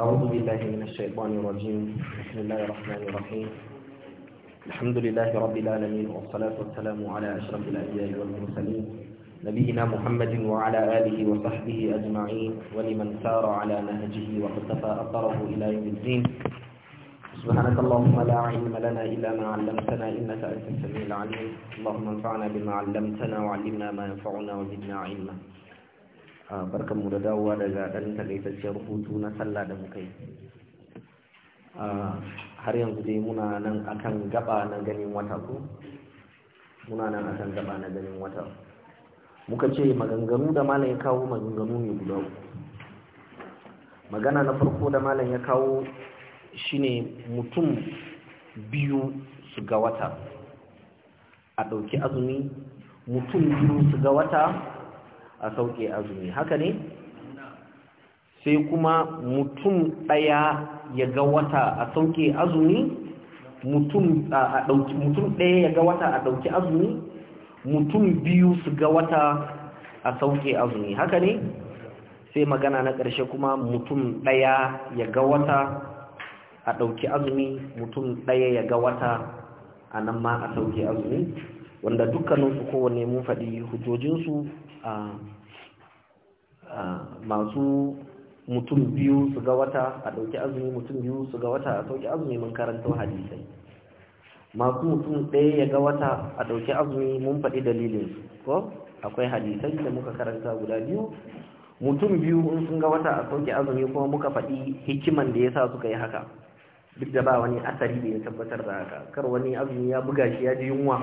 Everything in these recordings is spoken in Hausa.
أعوذ بالله من الشيطان الرجيم بسم الله الرحمن الرحيم الحمد لله رب العالمين والصلاة والسلام على أشرف الأنبياء والمرسلين نبينا محمد وعلى آله وصحبه أجمعين ولمن سار على نهجه واقتفى أثره إلى يوم الدين سبحانك اللهم لا علم لنا إلا ما علمتنا إنك أنت السميع العليم اللهم انفعنا بما علمتنا وعلمنا ما ينفعنا وزدنا علما barkan mu da dawowa daga ɗan takaitacciyar hutu na sallah da muka yi har yanzu dai muna nan akan gaba na ganin wata ko muna nan akan gaba na ganin wata muka ce maganganu da malam ya kawo maganganu ne guda magana na farko da malam ya kawo shine mutum biyu su ga wata a ɗauki azumi mutum biyu su ga wata a sauke azumi haka ne sai kuma mutum ɗaya ya ga wata a sauke azumi mutum ɗaya ya ga wata a ɗauki azumi mutum biyu su ga wata a sauke azumi haka ne sai magana na ƙarshe kuma mutum ɗaya ya ga wata a ɗauki azumi mutum ɗaya ya ga wata a nan ma a sauke azumi wanda dukkaninsu kowane mun faɗi hujjojinsu a masu mutum biyu su ga wata a ɗauki azumi mutum biyu su ga wata a sauƙi azumi mun karanta hadisai masu mutum ɗaya ya ga wata a ɗauki azumi mun faɗi dalilinsu ko akwai hadisai da muka karanta guda biyu mutum biyu in sun ga wata a sauƙi azumi kuma muka faɗi hikiman da ya sa suka yi haka duk da ba wani asari da ya tabbatar da haka kar wani azumi ya buga shi ya ji yunwa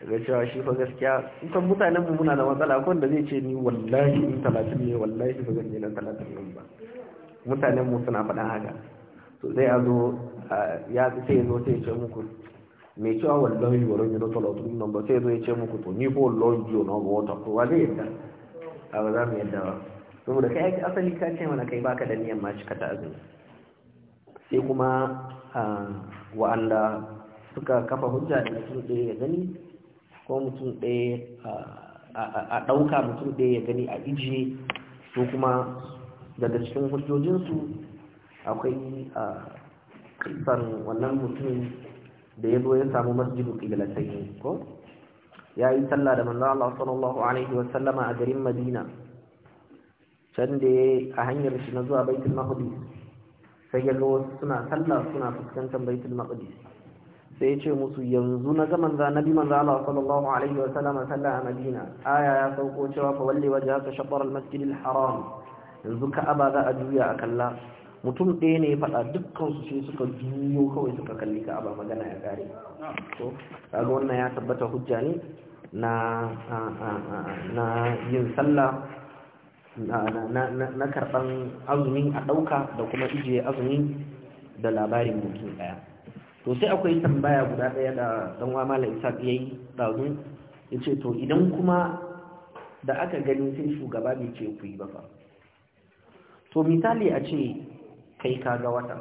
daga cewa shi fa gaskiya san mutanen mu muna da matsala ko da zai ce ni wallahi in talatin ne wallahi fa zan na talatin nan ba mutanen mu suna faɗa haka to zai azo zo ya sai zo sai ce muku Me cewa wallahi ba rajin da talatin nan ba sai zo ya ce muku to ni ko wallahi jiyo na ba wata ko wani yadda a ba za mu yadda ba saboda kai asali ka ce mana kai baka da niyan ma cika ta azumi sai kuma wa'anda suka kafa hujja da su ɗaya ya gani ko mutum ɗaya a ɗauka mutum ɗaya ya gani a ijiye su kuma daga cikin hujjojinsu akwai a kisan wannan mutum da ya zo ya samu masjidu ƙilatai ko ya yi talla da manzan Allah sallallahu alaihi wasallama a garin Madina can da a hanyar shi na zuwa Baitul Maqdis sai ya ga suna sallah suna fuskantar Baitul Maqdis sai ce musu yanzu na ga zanabi nabi manza Allah sallallahu alaihi wa sallama sallah a Madina aya ya sauko cewa fa walli wajhaka shatr al-masjid al-haram yanzu ka aba za a juya a kalla mutum ɗaya ne ya faɗa dukkan su sai suka juyo kawai suka kalli ka aba magana ya gare to kaga wannan ya tabbata hujja ne na na yin sallah na karɓan azumi a ɗauka da kuma ijiye azumi da labarin mutum ɗaya to sai akwai tambaya guda ɗaya da dan wa malam Isa yayi da dazu ya ce to idan kuma da aka gani sai shugaba bai ce ku yi ba fa to misali a ce kai ka ga wata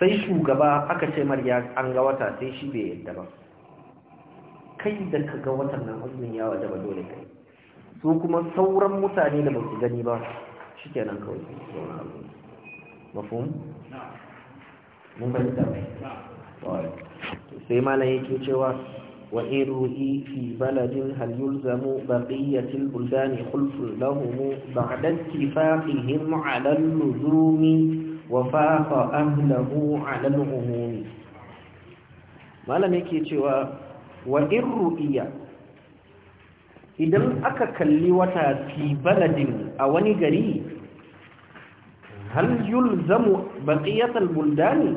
sai shugaba aka ce marya an ga wata sai shi bai yadda ba kai da ka ga watan nan azumin ya wajaba ba dole kai su kuma sauran mutane da ba su gani ba shikenan kawai mafhum na'am mun fahimta mai sai malam yake cewa wa iru'i fi baladin hal yulzamu baqiyatil buldani khulfun lahum ba'da ittifaqihim 'ala al-luzumi wa faqa ahlahu 'ala al-umum malam yake cewa wa iru'iya idan aka kalli wata fi baladin a wani gari hal yulzamu baqiyatul buldani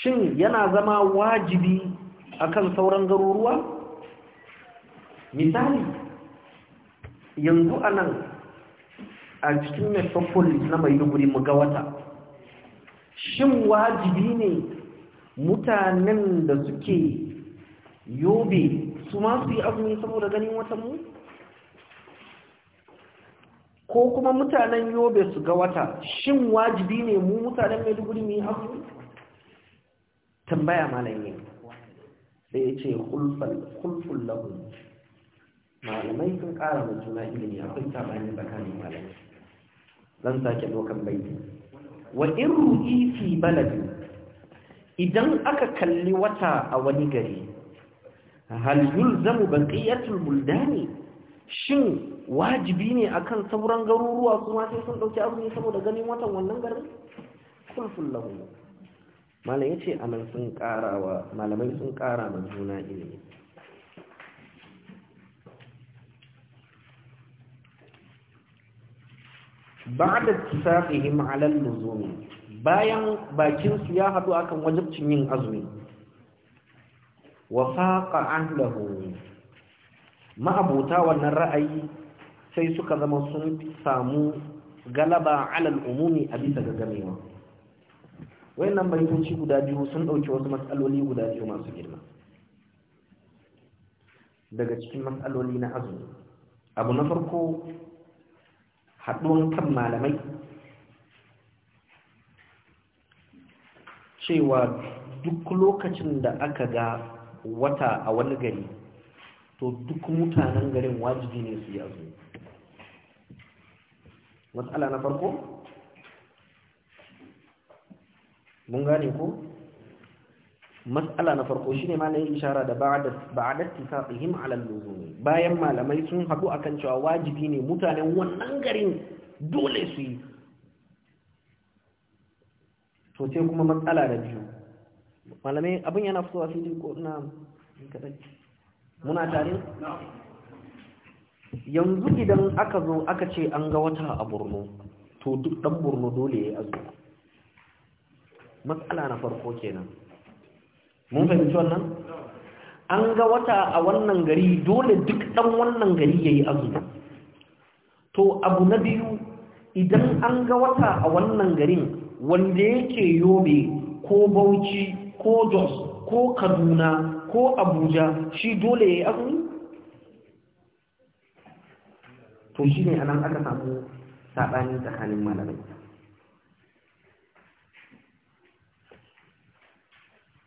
shin yana zama wajibi akan sauran garuruwa misali yanzu anan a cikin metropolis na maiduguri mu ga wata shin wajibi ne mutanen da suke yobe su ma su yi azumi saboda ganin watan mu ko kuma mutanen yobe su ga wata shin wajibi ne mu mutanen maiduguri mu yi azumi tambaya malam yi sai ya ce kulful lahu malamai sun kara da juna ilimi akwai bayan tsakanin malamai zan sake dokan baiti wa in ru'i fi baladi idan aka kalli wata a wani gari hal yulzamu baqiyatul buldani shin wajibi ne akan sauran garuruwa kuma sai sun dauki azumi saboda ganin watan wannan garin kulful lahu malam yace anan sun karawa malamai sun kara ma juna ilimi ba'da tisafihim ala al-luzum bayan bakin su ya hadu akan wajibcin yin azumi wa faqa ahlahu ma'abuta wannan ra'ayi sai suka zama sun samu galaba alal umumi a bisa gagamewa wayannan baitoci guda biyu sun dauke wasu matsaloli guda biyu masu girma daga cikin matsaloli na azumi abu na farko haɗuwan kan malamai cewa duk lokacin da aka ga wata a wani gari to duk mutanen garin wajibi ne su yi azumi matsala na farko mun gane ko matsala na farko shine malamin ishara da ba'da ba'da tisaqihim ala al-luzum bayan malamai sun haɗu akan cewa wajibi ne mutanen wannan garin dole su yi to sai kuma matsala da biyu malamai abin yana fitowa fili ko ina kadan muna tare yanzu idan aka zo aka ce an ga wata a burno to duk dan burno dole ya yi matsala na farko kenan mun fahimci wannan an ga wata a wannan gari dole duk dan wannan gari ya yi to abu na biyu idan an ga wata a wannan garin wanda yake yobe ko bauchi ko jos ko kaduna ko abuja shi dole ya yi azumi to shi ne anan aka samu saɓani tsakanin malamai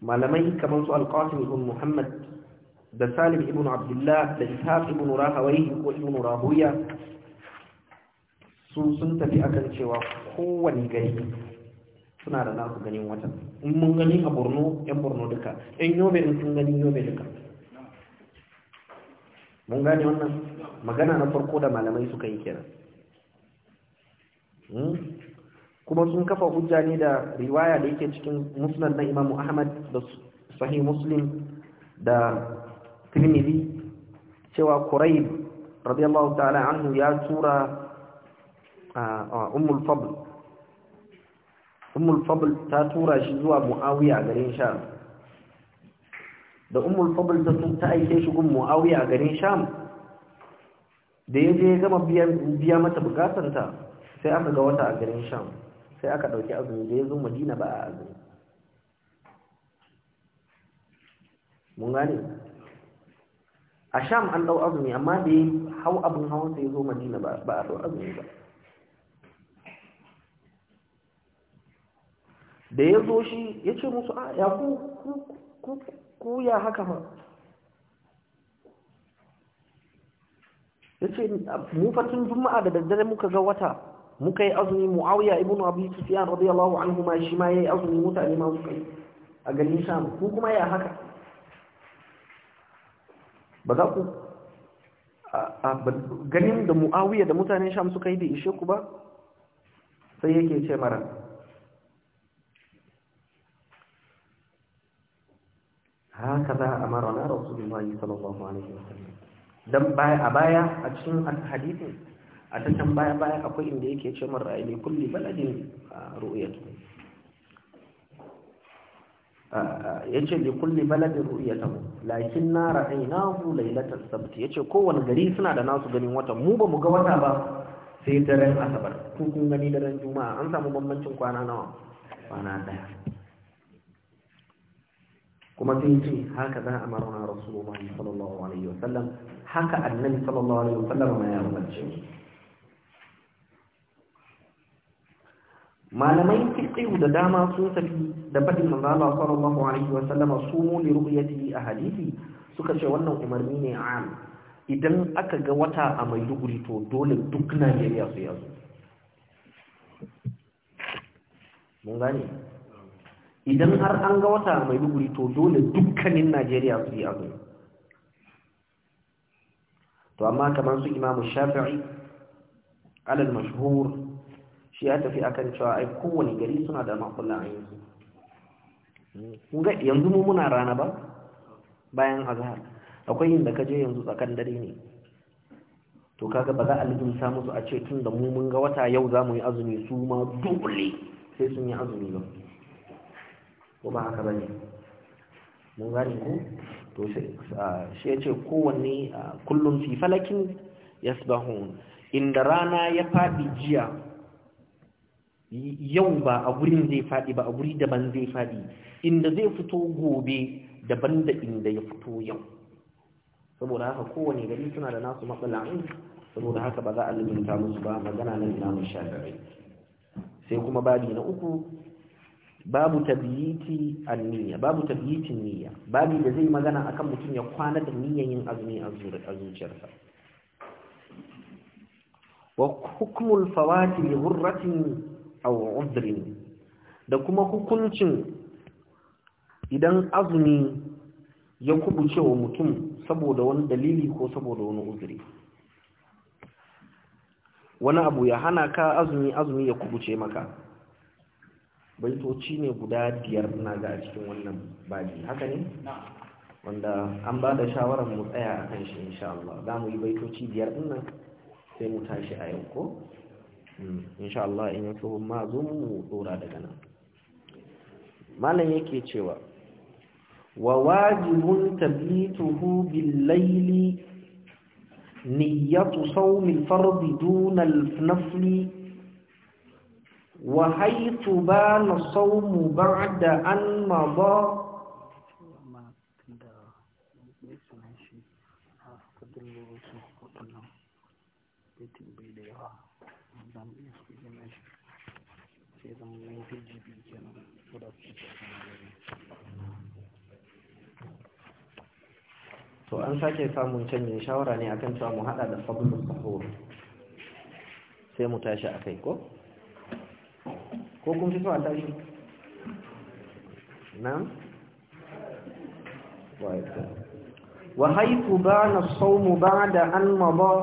malamai kamar su alƙasim ibn muhammad da salim ibn abdullah da ishaq ibn rahawai ko ibn rahuya su sun tafi akan cewa kowane gari suna da nasu ganin wata in mun gani a borno yan borno duka yan yobe in sun gani yobe duka mun gane wannan magana na farko da malamai suka yi kenan hmm? kuma sun kafa hujja ne da riwaya da yake cikin musnad na imamu ahmad da sahih muslim da tirmidhi cewa quraib radiyallahu ta'ala anhu ya tura ummul fadl ummul fadl ta tura shi zuwa muawiya garin sham da ummul fadl ta aike shi gun muawiya garin sham da ya je gama biya mata bukatanta sai aka ga wata a garin sham sai aka ɗauki azumi da ya zo madina ba a azumi mun gane a sham an dau azumi amma da ya hau abin hawan sai ya zo madina ba a dau azumi ba da ya zo shi ya ce musu ah, ya ku ya haka ba yace mu fatin juma'a da daddare muka ga wata muka yi azumi mu'awiya Ibnu abi sufyan radiyallahu anhu ma shi ma yayi azumi mutane ma suka yi a garin sham ku kuma ya haka ba za ku ganin da mu'awiya da mutanen sham suka yi da ishe ku ba sai yake ce mara haka za a mara na rasulullahi sallallahu alaihi wasallam dan baya a baya a cikin hadisin a ta baya baya akwai inda yake ce mar ra'ayi kulli baladin ru'yatu yace li kulli baladin ru'yatu lakin na ra'aynahu lailatal sabt yace kowanne gari suna da nasu ganin wata mu ba mu ga wata ba sai daren asabar ku kun gani daren juma'a an samu bambancin kwana nawa kwana daya kuma sai ce haka za a marana rasulullahi sallallahu alaihi wasallam haka annabi sallallahu alaihi wasallam ma ya umarce malamai fiqh da dama sun tafi da fadin manzo Allah sallallahu alaihi wasallam sumu li ru'yati a suka ce wannan umarni ne am idan aka ga wata a mai duguri to dole duk Najeriya su yazo mun gane idan har an ga wata a mai duguri to dole dukkanin Najeriya su yazo to amma kamar su imamu shafi'i alal mashhur shi ya tafi akan cewa ai kowane gari suna da makullan ayyuka kun ga yanzu mu muna rana ba bayan azhar akwai inda ka je yanzu tsakan dare ne to kaga ba za a samu musu a ce tun da mu mun ga wata yau za mu yi azumi su ma dole sai sun yi azumi ba ko ba haka ba ne mun gane ku to shi ya kowanne kullum fi falakin yasbahun inda rana ya faɗi jiya yau ba a gurin zai faɗi ba a guri daban zai faɗi inda zai fito gobe daban da inda ya fito yau saboda haka kowane gari suna da nasu matsala'in saboda haka ba za a limita musu ba magana na mun sai kuma babi na uku babu tabiyiti an-niyya babu niyya babu da zai magana akan mutum ya kwana da niyyan yin azumi a zuciyarsa wa hukmul fawati li hurratin aw udrin da kuma hukuncin idan azumi ya kubuce wa mutum saboda wani dalili ko saboda wani uzuri wani abu ya hana ka azumi azumi ya kubuce maka baitoci ne guda biyar na ga a cikin wannan baji haka ne wanda an ba da shawarar mu tsaya a kan shi insha Allah za mu yi baitoci biyar din nan sai mu tashi a yau ko hmm, insha Allah in yaso ma zo mu dora daga nan malam yake cewa wa wajibun tabituhu bil layli niyyatu sawmi al-fard duna al-nafli wa haitu ba na saumu ba da an ma ba to an sake samun canjin shawara ne akan cewa mu hada da fabulun sahur sai mu tashi a kai ko? hukuncin a tashi na'am وحيث بان الصوم بعد أن مضى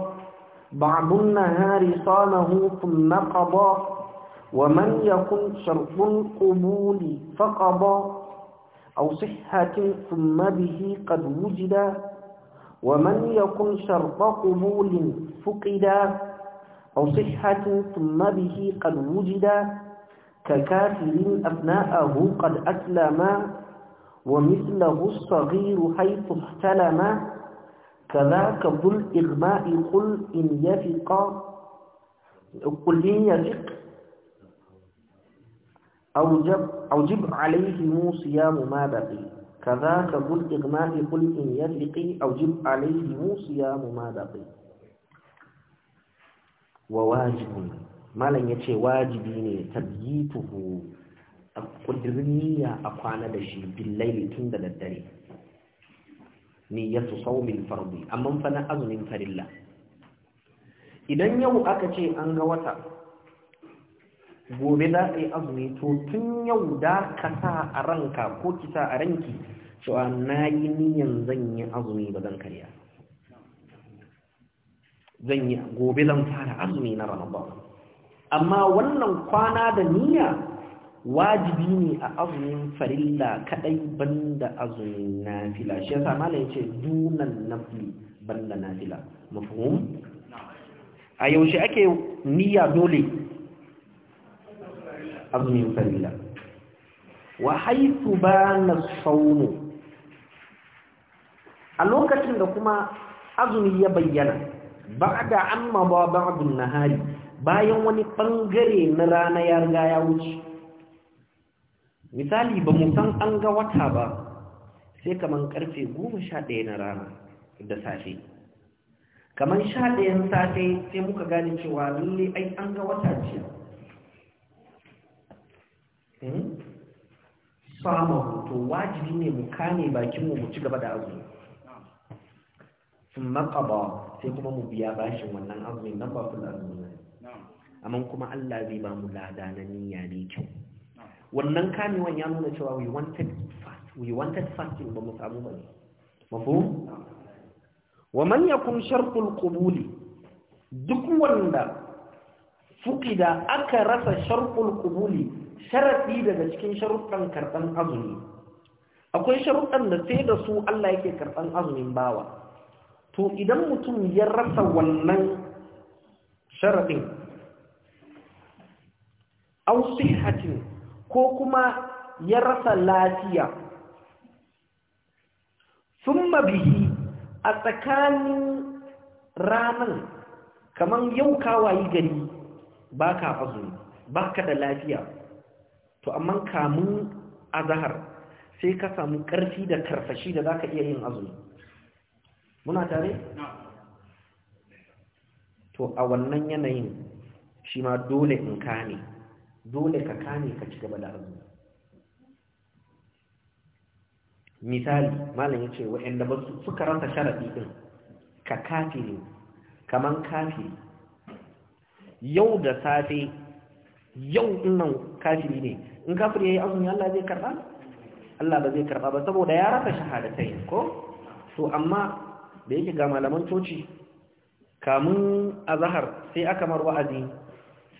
بعض النهار صامه ثم قضى ومن يكن شرط القبول فقضى أو صحة ثم به قد وجدا ومن يكن شرط قبول فقدا أو صحة ثم به قد وجدا ككافر أبناءه قد أسلم ومثله الصغير حيث احتلم كذاك ذو الإغماء قل إن يفق قل إن يفق أوجب, أوجب صيام ما بقي كذاك ذو الإغماء قل إن يفق أوجب عليهم صيام ما بقي وواجب malam ya ce wajibi ne tabbituhu a ƙudurniya a kwana da shi billaili tun da daddare niyyatu saumin fardi amma fa na azumin farilla idan yau aka ce an ga wata gobe za a yi azumi to tun yau da ka sa a ranka ko ki sa a ranki cewa na yi niyan zan yi azumi ba zan karya zan yi gobe zan fara azumi na ramadan amma wannan kwana da niyya wajibi ne a azumin farilla kadai banda azumin nafila shi yasa malam yace dunan nafli banda nafila mafhum a yaushe ake niyya dole azumin farilla wa haythu bana as-sawm a lokacin da kuma azumi ya bayyana ba'da amma ba ba'dun nahari bayan wani bangare na rana ya riga ya wuce misali ba mu san an ga wata ba sai kaman karfe goma sha ɗaya na rana da safe kaman sha ɗayan safe sai muka gane cewa lalle ai an ga wata ce hmm? sama hoto wajibi ne mu kame bakinmu mu ci gaba da abu. sun makaba sai kuma mu biya bashin wannan azumin na bafin azumin amma kuma Allah zai ba mu lada na niyya ne kyau wannan kamewan ya nuna cewa we wanted fast we wanted fasting ba mu samu ba ne mafhum wa man yakun shartul qubuli duk wanda fuqida aka rasa shartul qubuli sharadi daga cikin sharuɗan karban azumi akwai sharuɗan da sai da su Allah yake karban azumin bawa to idan mutum ya rasa wannan sharadin aw sihhatin ko kuma ya rasa lafiya thumma bihi a tsakanin ranan kaman yau kawayi gari baka azumi baka da lafiya to amma kamun azhar sai ka samu karfi da karfashi da zaka iya yin azumi muna tare to a wannan yanayin shi ma dole in kame dole ka kame ka ci gaba da azumi misali malam ya ce wa'anda ba su rasa sharaɗi ɗin ka kafiri kaman kafiri yau da safe yau nan kafiri ne in kafiri ya yi azumi Allah zai karɓa Allah ba zai karɓa ba saboda ya rasa shahadatai ko to amma da yake ga malaman coci kamun azahar sai aka mar wa'azi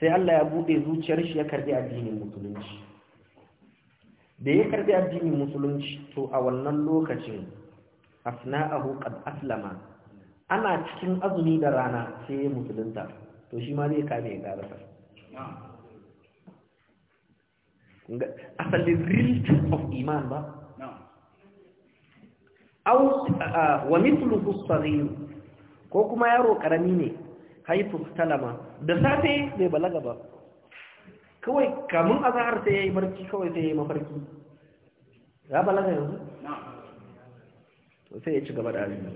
sai Allah ya bude zuciyar shi ya karbi addinin musulunci da ya karbi addinin musulunci to a wannan lokacin asna'ahu qad aslama ana cikin azumi da rana sai ya musulunta to shi ma zai kame ya karasa asalin real of iman ba aw wa mithlu as ko kuma yaro karami ne haythu talama da safe bai balaga ba kawai kamun azahar sai ya yi barci kawai sai ya yi mafarki ya balaga yanzu sai ya ci gaba da azumi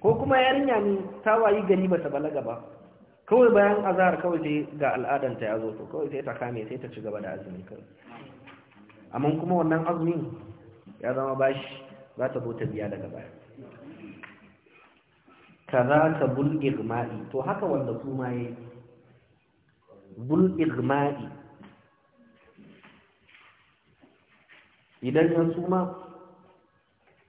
ko kuma yarinya ne ta wayi gari ba ta balaga ba kawai bayan azahar kawai sai ga al'adanta ya zo to kawai sai ta kame sai ta ci gaba da azumi kawai amma kuma wannan azumin ya zama bashi za ta zo ta biya daga baya za ka bulgir ma'i to haka wanda kuma yi bul igma'i idan ya suma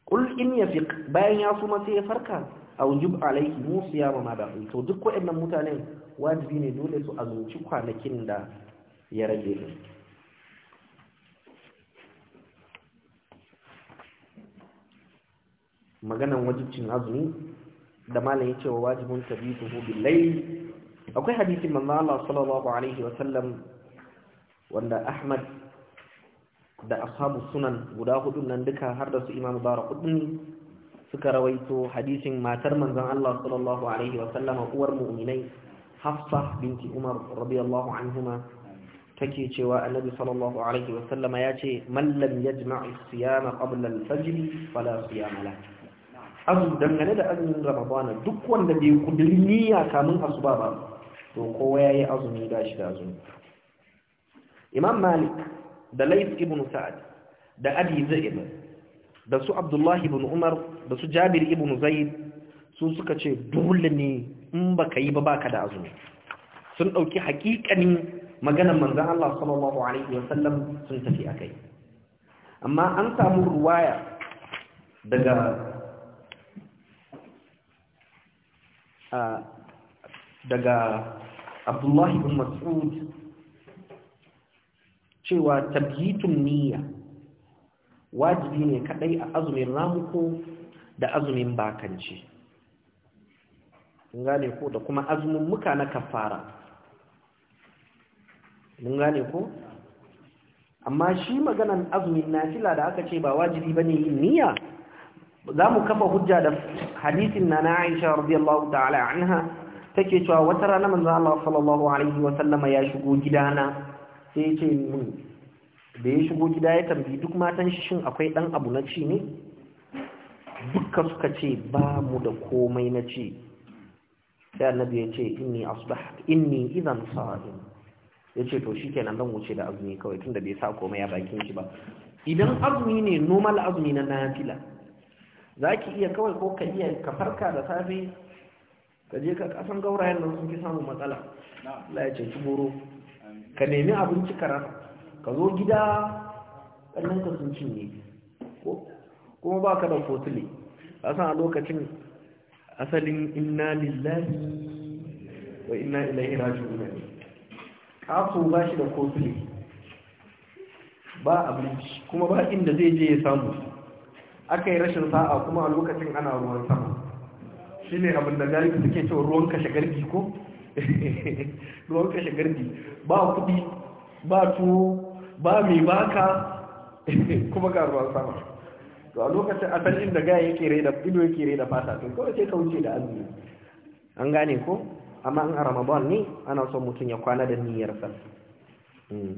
kul in yafiq bayan ya suma sai ya farka aw yub alayhi musiya ma da to duk waɗannan mutanen wajibi ne dole su azumci kwanakin da ya rage su maganan wajibcin azumi da malam ya ce wa wajibin tabitu bil layl akwai hadisin manzo Allah sallallahu alaihi wasallam wanda Ahmad da ashabu sunan guda hudun nan duka har da su Imam Darqutni suka rawaito hadisin matar manzon Allah sallallahu alaihi wasallam uwar mu'minai Hafsa binti Umar radiyallahu anhuma take cewa Annabi sallallahu alaihi wasallama ya ce man lam yajma'i siyama qabla al-fajr fala siyama lahu azu dangane da azumin ramadana duk wanda bai kudiri niyya kamun asuba ba to kowa yi azumi gashi da azumi imam malik da lais ibn sa'ad da abi zaid da su abdullahi ibn umar da su jabir ibn zaid su suka ce dole ne in baka yi ba baka da azumi sun dauki hakikanin maganar manzon Allah sallallahu alaihi wasallam sun tafi akai amma an samu ruwaya daga ah, daga abdullahi bin mas'ud cewa tabyitun niyya wajibi ne kadai a azumin ramuko da azumin bakanci mun gane ko da kuma azumin muka na kafara mun gane ko amma shi maganan azumin nafila da aka ce ba wajibi bane yin niyya zamu kafa hujja da hadisin na na Aisha radiyallahu ta'ala anha take cewa wata rana manzo Allah sallallahu alaihi wa sallama ya shigo gidana sai ya min da ya shigo gida ya tambayi duk matan shi shin akwai dan abu na ci ne dukkan suka ce ba mu da komai na ci sai annabi ya ce inni asbah inni idan sa'im ya ce to shikenan zan wuce da azumi kawai tunda bai sa komai ya bakin shi ba idan azumi ne normal azumi na nafila zaki iya kawai ko ka iya ka farka da safe ka je ka kasan gaurayen nan sun fi samun matsala Allah ya ceci boro ka nemi abinci ka ka zo gida ɗannan ka sun cinye kuma ba ka da kotule a san a lokacin asalin inna lillahi wa inna ilaihi raji'un ne kafu ba shi da kotule ba abinci kuma ba inda zai je ya samu aka yi rashin sa'a kuma a lokacin ana ruwan sama shi ne abin da galibi suke cewa ruwan kashe gargi ko ruwan kashe gargi, ba kudi ba tuwo ba mai baka kuma ga ruwan sama to a lokacin asalin da gaya yake rai da ido yake rai da fata to kawai sai ka wuce da azumi an gane ko amma in a ramadan ne ana son mutum ya kwana da niyyar sa hmm.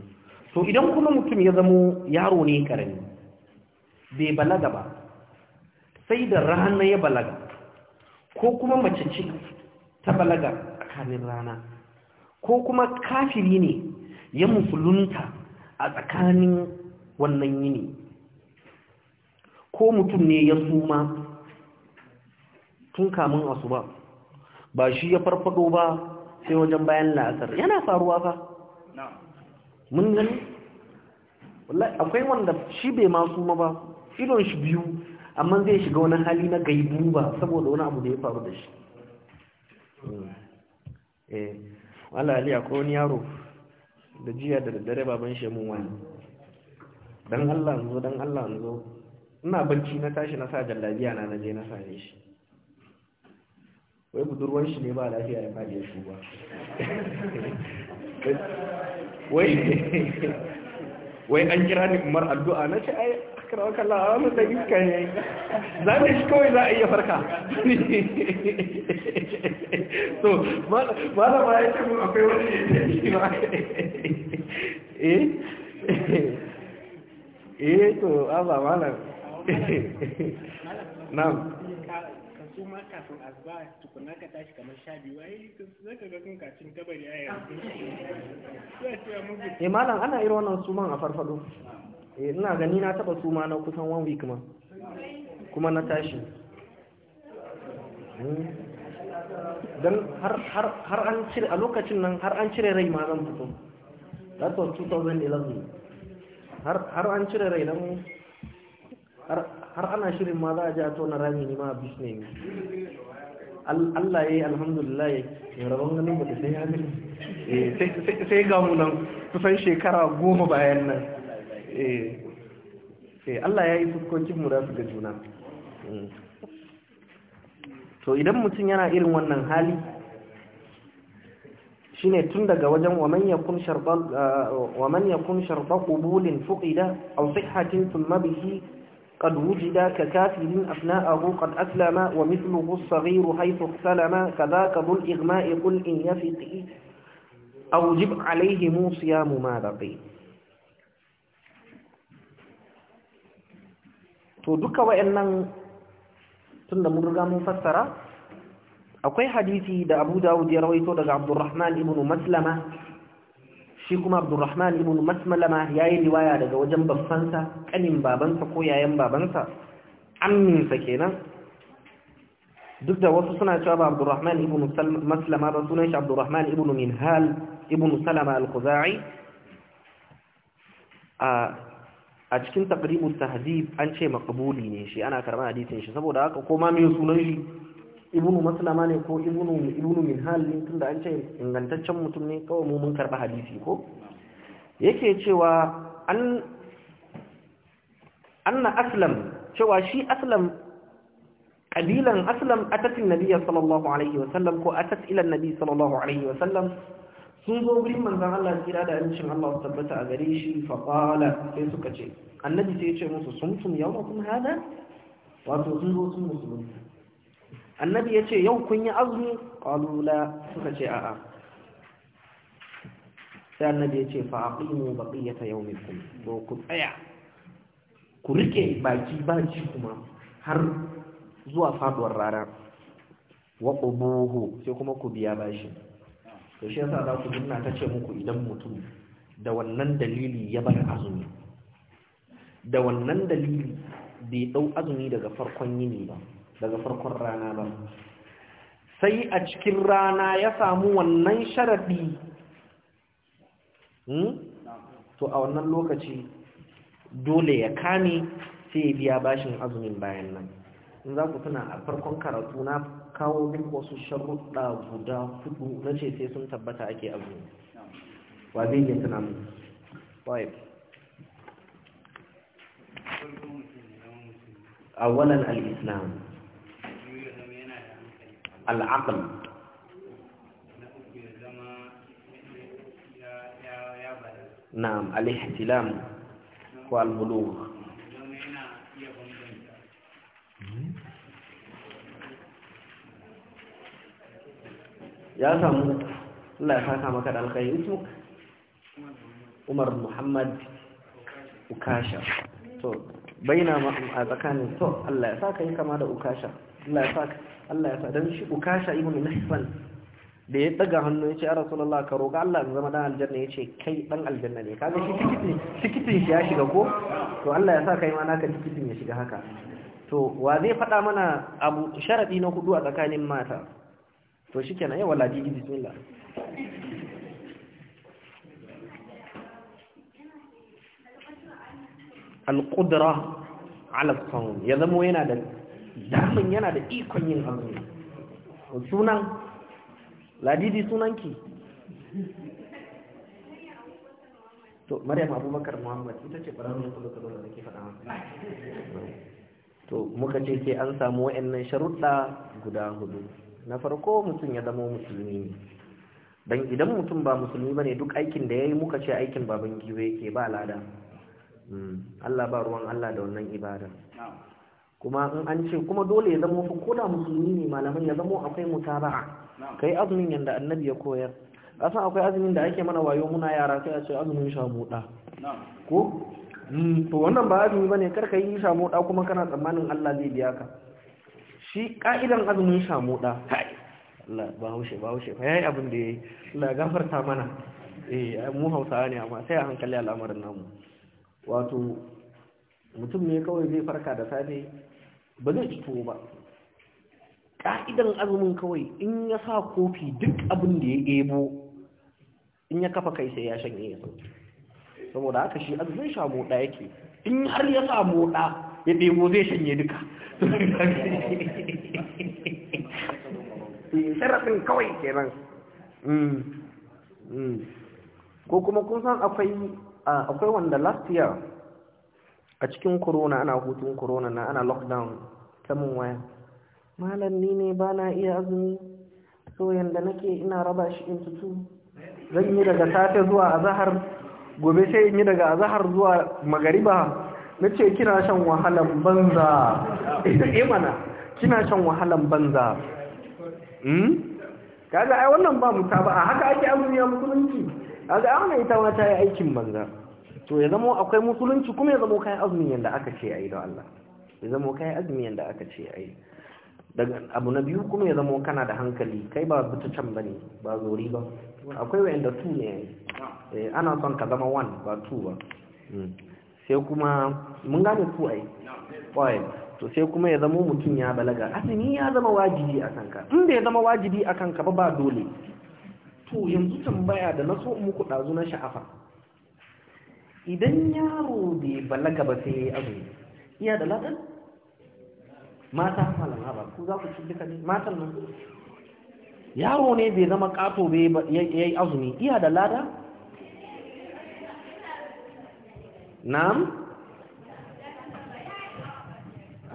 to idan kuma mutum ya zamo yaro ne karami bai balaga ba sai da Rahana ya balaga ko kuma mace ce ta balaga a kanin rana ko kuma kafiri ne ya musulunta a tsakanin wannan yini ko mutum ne ya suma tun kamun asuba ba shi ya farfado ba sai wajen bayan la'asar yana faruwa fa mun gani akwai wanda shi bai ma suma ba idon shi biyu amma zai shiga wani hali na gaibu ba saboda wani abu da ya faru da shi eh, eh. wala ali akwai wani yaro da jiya da daddare baban shi mun wani dan Allah zo dan Allah zo ina banci na tashi na sa jallabiya na naje na sa shi wai budurwan shi ne ba lafiya ya fadi shi ba wai wai an kira ni Umar addu'a na ce ai kira kalla a da iska ne za da shi kawai za a iya farka so ba da ba ya ce mu akwai wani ya ce shi ba eh eh to aba malam na'am su ma kafin asuba tukuna ka tashi kamar sha biyu ai zaka ga kun kacin tabari a yanzu. Eh malam ana irin wannan suman a farfado. Eh, ina gani na taba su ma na kusan one week ma kuma na tashi hmm. don har an cire a lokacin nan har an cire rai ma zan fito that was 2011 har an cire rai don har ana shirin ma za a ji a tona rami ne ma a bisne ne Allah ya yi alhamdulillah ya rabon ganin ba da sai ya gani eh, sai ga mu nan kusan shekara goma bayan nan Eh, eh, Allah ya yi fuskoncin mu da ga juna. Hmm. To idan mutum yana irin wannan hali, shine tun daga wajen waman ya kun sharba ƙubulin uh, fuƙida, ausai hakin tun mabihi ƙad wujida ka kafirin afina abu aslama wa mislu gusariru haifu salama ka za ka bul igma'i ƙul'in in fi ƙi, a wujib alaihimu ma da to duka wa'annan tunda mun riga mun fassara akwai hadisi da Abu Dawud ya rawaito daga Abdurrahman ibn Maslama shi kuma Abdurrahman ibn Maslama yayi riwaya daga wajen babbansa kanin babansa ko yayan babansa amminsa kenan duk da wasu suna cewa ba Abdurrahman ibn Maslama ba sunan shi Abdurrahman ibn Minhal ibn Salama al-Khuzai ah, a cikin taqrimut tahzib an ce maqbuli ne shi ana karban hadisin shi saboda haka ko ma mai sunan shi ibnu maslama ne ko ibnu ibnu minhal ne tunda an ce ingantaccen mutum ne kawai mu mun karba hadisi ko yake cewa an anna aslam cewa shi aslam قبيلا أسلم أتت النبي صلى الله عليه وسلم وأتت إلى النبي صلى الله عليه وسلم sun zo wurin manzan Allah kira da amincin Allah su tabbata a gare shi faƙala sai suka ce annabi sai ya ce musu sun sun yau sun hada wato sun zo sun musulunta annabi ya ce yau kun yi azumi ƙalula suka ce a'a sai annabi ya ce mu fa'aqimu baqiyata kun, to ku tsaya ku rike baki baki kuma har zuwa faduwar rana wa qubuhu sai kuma ku biya bashi to shi yasa za ku dinna ta ce muku idan mutum da wannan dalili ya bar azumi da wannan dalili bai dau azumi daga farkon yini ba daga farkon rana ba sai a cikin rana ya samu wannan sharadi hmm? to a wannan lokaci dole ya kame sai ya biya bashin azumin bayan nan in za ku tuna a farkon karatu na kawo min wasu sharuɗa guda hudu na ce sai sun tabbata ake abu. wa zai yi tuna mu awalan al-islam al-aql na'am al-ihtilam ko al-bulugh ya samu Allah ya saka maka da alkhairi ismuk Umar Muhammad Ukasha to baina ma a tsakanin to Allah ya saka yi kama da Ukasha Allah ya saka Allah ya saka dan shi Ukasha ibn Nahfan da ya daga hannu ya ce ya rasulullah ka roƙa Allah ya zama dan aljanna ya ce kai dan aljanna ne kaga shi tikitin tikitin shi ya shiga ko to Allah ya saka kai ma naka tikitin ya shiga haka to wa zai faɗa mana abu sharadi na hudu a tsakanin mata to shi kenan yawan ladidi bismillah al-qudra ya zamo yana da damin yana da ikon yin azumi sunan ladidi sunanki to Mariam abubakar muhammad ita ce ƙwararrun kuma kazo da ke faɗa to muka ce ke an samu wa'annan sharuɗa guda hudu na farko mutum ya zama musulmi ne don idan mutum ba musulmi ne duk aikin da ya yi muka ce aikin baban giwa yake ba lada hmm, Allah ba ruwan Allah da wannan ibada kuma in an ce kuma dole ya zama fa koda musulmi ne malaman ya zama akwai Ka yi azumin yadda annabi ya koyar ƙasa akwai azumin da ake mana wayo muna yara sai a ce azumin shamuda ko hmm, to wannan ba azumi ba bane karka yi shamuda kuma kana tsammanin Allah zai biya ka shi ka'idan azumin samu da kai Allah ba haushe ba haushe fa abin da ya gafarta mana eh, mu Hausawa ne amma sai a hankali al'amarin namu wato mutum ne kawai zai farka da safe ba zai ci ba ka'idan azumin kawai in ya sa kofi duk abin da ya ebo in ya kafa kai sai ya shanye iya sauki saboda haka shi azumin sha moda yake in har ya samu ya ɗebo zai shanye duka sarrafin kawai kenan hmm. Hmm. ko kuma kun san akwai wanda last year a cikin corona ana hutun corona na ana lockdown samun waya malam ni ne ba na iya azumi so yanda nake ina raba shi in tutu zan yi daga safe zuwa azahar gobe sai in yi daga azahar zuwa magariba na ce kina shan wahalan banza ita imana eh, eh, kina shan wahalan banza hmm? kaga ai wannan ba muta ba haka ake azumi a musulunci kaga an wannan ita ma ta yi aikin banza to ya zama akwai musulunci kuma ya zama kai azumi yanda aka ce ai da Allah ya zama kai azumi yanda aka ce ai daga abu na biyu kuma ya zama kana da hankali kai ba can bane ba zori ba akwai wanda tu ne eh, ana son ka zama one ba two ba hmm. sai kuma mun gane ku ai oil to sai kuma ya zama mutum ya balaga azumi ya zama wajibi a kanka inda ya zama wajibi a kanka ba ba dole to yanzu tambaya da na so muku ɗazu na sha'afa idan yaro bai balaga ba sai ya yi azumi iya da latin mata malama ba ku za ku cikin duka ne matan nan yaro ne bai zama ƙato bai yi azumi iya da lada na'am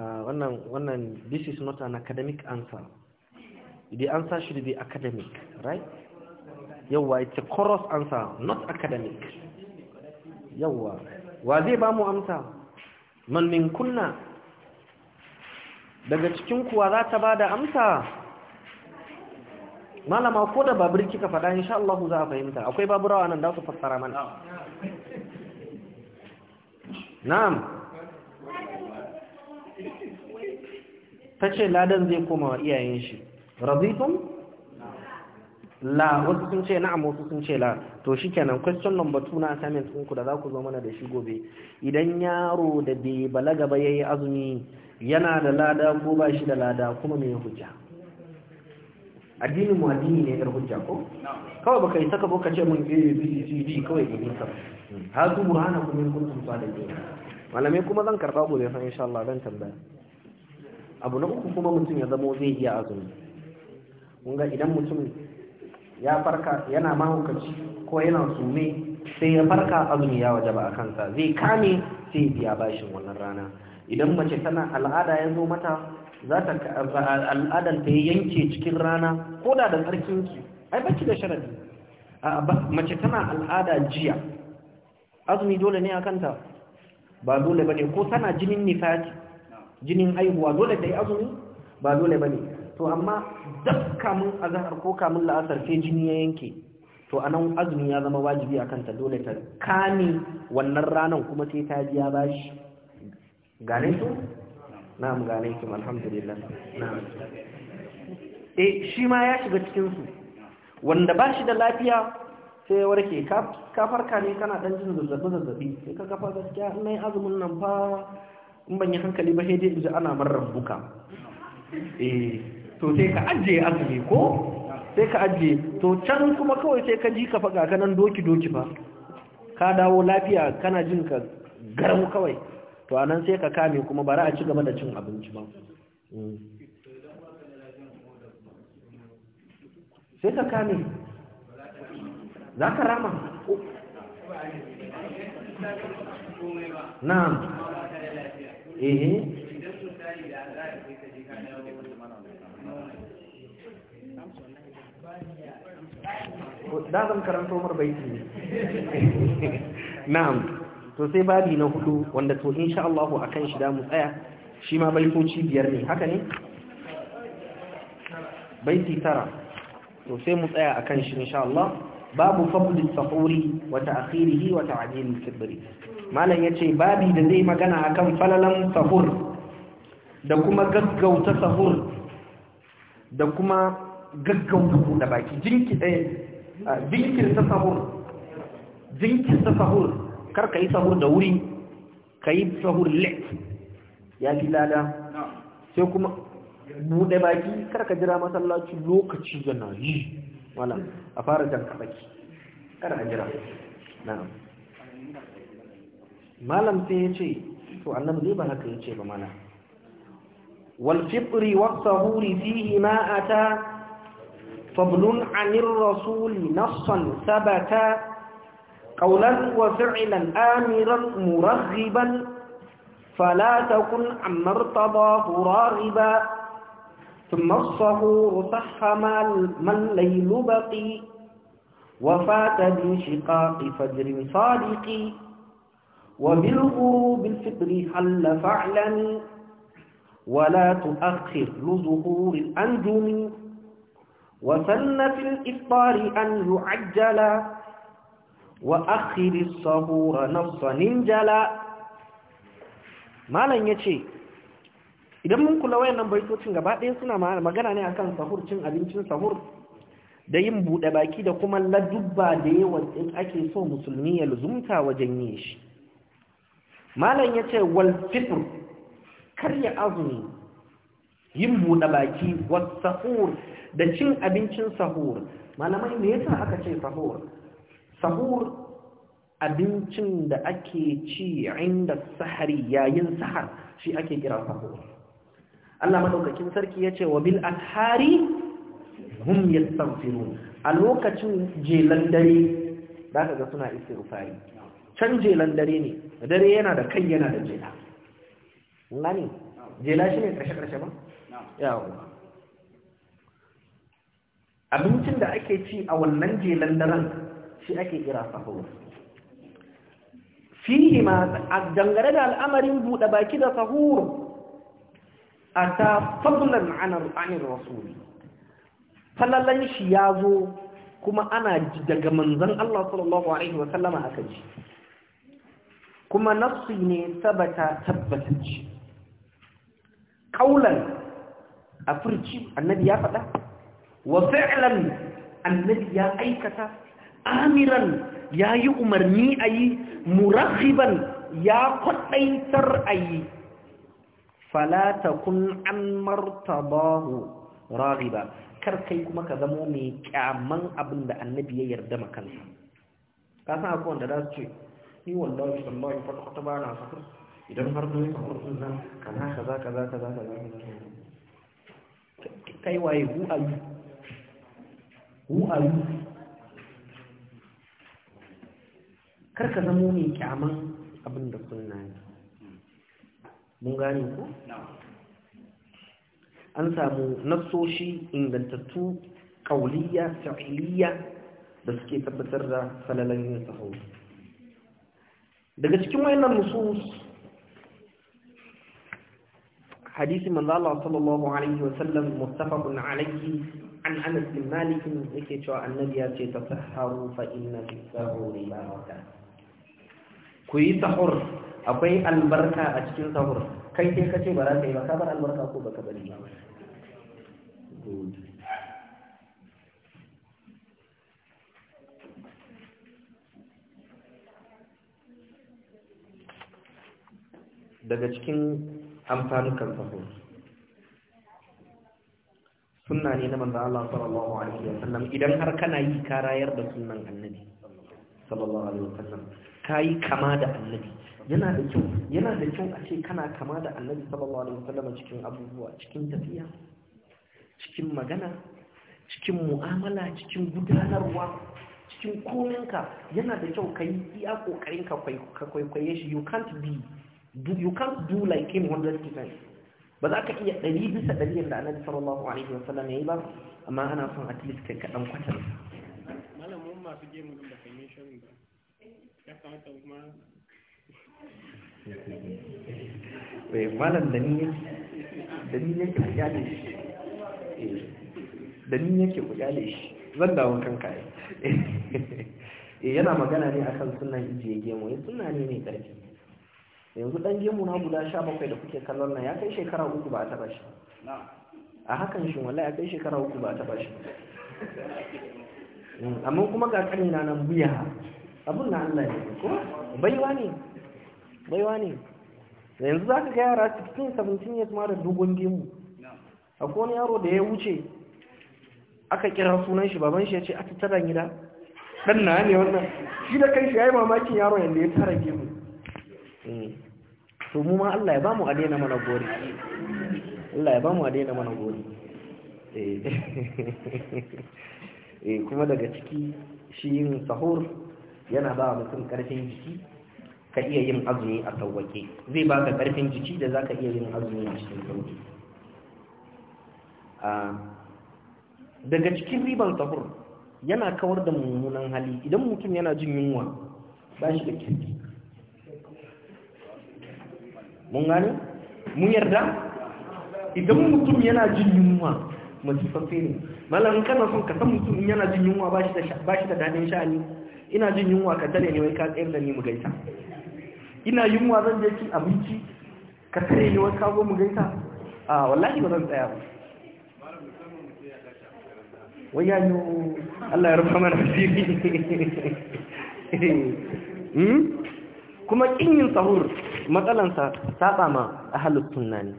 ah, wannan wannan this is not an academic answer the answer should be academic right yawa it's a chorus answer not academic yawa wa zai ba mu amsa man min kunna daga cikin kuwa za ta ba da amsa malama ko da babur kika faɗa insha Allah za a fahimta akwai baburawa nan da su fassara mana na'am ta ce ladan zai koma wa iyayen shi razitun la wasu sun ce na'am wasu sun ce la to shi kenan question number 2 na assignment ɗinku da za ku zo mana da shi gobe idan yaro da bai balaga ba ya yi azumi yana da lada ko ba shi da lada kuma mai hujja addinin mu addini ne yar hujja ko kawai baka yi saka ka ce mun a bi kawai ne ka ha zu burhana kuma in da biyu. malamai kuma zan karɓa gobe fa insha Allah zan tambaya abu na uku kuma mutum ya zamo zai iya azumi kun ga idan mutum ya farka yana mahaukaci ko yana sume sai ya farka azumi ya waje ba a kansa zai kame sai biya bashin wannan rana idan mace tana al'ada ya zo mata za ta al'adar ta yanke cikin rana ko da da ki ai baki da sharadi mace tana al'ada jiya azumi dole ne a kanta ba dole ba ne ko tana jinin nifati jinin aihuwa dole ta yi azumi ba dole ba ne to amma dab kamun azahar ko kamun la'asar sai jini ya yanke to a nan azumi ya zama wajibi a kanta dole ta kani wannan ranar kuma sai ta biya bashi gane su? na'am gane su alhamdulillah na'am eh shi ma ya shiga cikinsu wanda ba shi da lafiya sai warke ka farka ne kana dan jin zazzabin zazzabi sai ka kafa gaskiya mai azumin nan fa in ban yi hankali ba sai dai in ji ana marar buka eh to sai ka ajiye azumi ko sai ka ajiye to can kuma kawai sai ka ji ka faga ka nan doki doki ba ka dawo lafiya kana jin ka garam kawai to anan sai ka kame kuma bara a ci gaba da cin abinci ba mm. sai ka kame za ka rama na'am ehe. da zan karanta umar baiti na'am to sai babi na hudu wanda to insha Allah akan shi da mu tsaya shi ma baitoci biyar ne haka ne baiti tara to sai mu tsaya akan shi insha Allah babu fadli sahuri wa ta'khirihi wa ta'jil kibri malan yace babi da zai magana akan falalan sahur da kuma gaggauta sahur da kuma gaggauta buɗe baki jinki eh, jinkirta sahur jinkirta sahur kar ka yi sahur da wuri ka yi sahur late ya fi lada sai kuma buɗe baki kar ka jira masallaci lokaci ga yi malam a fara jan kabaki kada a jira na'am malam sai ya ce to annabi zai ba haka ya ce ba malam wal fitri wa sahuri fihi ma ata fablun anir rasuli nassan sabata قولا وفعلا آمرا مرغبا فلا تكن عما ارتضاه راغبا ثم الصهور صح من ليل بقي وفات بانشقاق فجر صادق وبالغروب الفطر حل فاعلمي ولا تؤخر لظهور الأنجم وسن في الإفطار أن يعجل وأخر الصهور نصا انجلا ما لن يتشي idan mun kula wayannan baitocin gaba ɗaya suna magana ne akan sahur cin abincin sahur da yin buɗe baki da kuma ladubba da yawan in ake so musulmi ya luzumta wajen yin shi malam ya ce wal fitr karya azumi yin buɗe baki wa sahur da cin abincin sahur malamai me yasa aka ce sahur sahur abincin da ake ci inda sahari yayin sahar shi ake kira sahur Allah madaukakin sarki yace wa bil ashari hum yastaghfirun a lokacin jelan dare zaka ga suna istighfari can jelan dare ne dare yana da kai yana da jela ngani jela shine karshe karshe ba Yawo. abincin da ake ci a wannan jelan daren shi ake kira sahur fihi ma dangane da al'amarin buɗe baki da sahur ata fadlan an rasuli falalan shi yazo kuma ana daga manzon Allah sallallahu alaihi wa sallama aka ji kuma nafsi ne sabata tabbatacce kaulan a furci annabi ya faɗa wa fi'lan annabi ya aikata amiran ya yi umarni a yi murahiban ya kwaɗaitar a yi fala takun an martabahu raghiba kar kai kuma ka zamo mai kyaman abin da annabi ya yarda ma kansa ka san akwai wanda za su ce ni wallahi sallahi fa ta ba na sakur idan har doyi sakur sun nan kana kaza kaza kaza kaza kai waye hu ayu hu ayu kar ka zamo mai kyaman abin da sunna ne mun gane ku an samu nassoshi ingantattu kauliya fa'iliya da suke tabbatar da falalan yin sahur daga cikin wayannan nusus hadisi manzo Allah sallallahu alaihi wa sallam muttafaqun alaihi an Anas bin Malik yake cewa annabi ya ce tasahharu fa inna fi sahuri baraka ku yi sahur akwai albarka a cikin sahur kai ke kace ba za ka yi ba ka bar albarka ko baka bari ba daga cikin amfanukan sahur sunna ne na manzo Allah sallallahu alaihi wasallam idan har kana yi karayar da sunnan annabi sallallahu alaihi wasallam kai kama da annabi yana da kyau yana da kyau a ce kana kama da annabi sallallahu alaihi wasallam cikin abubuwa cikin tafiya cikin magana cikin mu'amala cikin gudanarwa cikin kominka yana da kyau ka yi iya kokarin ka kwaikwaye shi you can't be you can't do like him 100% ba za ka iya ɗari bisa annabi sallallahu alaihi wasallam yayi ba amma ana son at least kai kaɗan kwatar malamin masu gemu da kai ne shirin ba ya kamata kuma bai eh, malam da ni da ni yake ku shi eh, da ni yake ku shi zan dawo kan kai eh yana magana ne akan sunan ijiye gemu ya eh, sunna ne mai karfi yanzu dan gemu na guda 17 da kuke kallon nan ya kai shekara uku ba ta ba shi a hakan shi wallahi ya kai shekara uku ba ta ba shi hmm, amma kuma ga kanina nan buya abun na Allah ne ko baiwa ne baiwa ne yanzu za ka ga yara 16 17 years ma da dogon gemu a kone yaro da ya wuce aka kira sunan shi baban shi ya ce aka tara gida dan na ne wannan shi da shi ya yi mamakin yaro yadda ya tara gemu eh. to mu ma Allah ya bamu adena mana gori Allah ya bamu adena mana gori eh. eh kuma daga ciki shi yin sahur yana ba mutum karfin jiki ka iya yin azumi a tawwake zai ba ka karfin jiki da za ka iya yin azumi a cikin tawwake ah, daga cikin ribar tahur yana kawar da mummunan hali idan mutum yana jin yunwa ba shi da kirki mun gane mun yarda idan mutum yana jin yunwa masifaffe ne malamin kana son ka san mutum yana jin yunwa ba shi da daɗin sha'ani ina jin yunwa ka tare ne wai ka tsayar da ni mu gaita ina yunwa zan je cin abinci ka tare ni wani kago mu gaita a wallahi ba zan tsaya ba wai ya yi Allah ya rufa mana asiri hmm? kuma kin yin sahur matsalansa saba ma ahlus sunna ne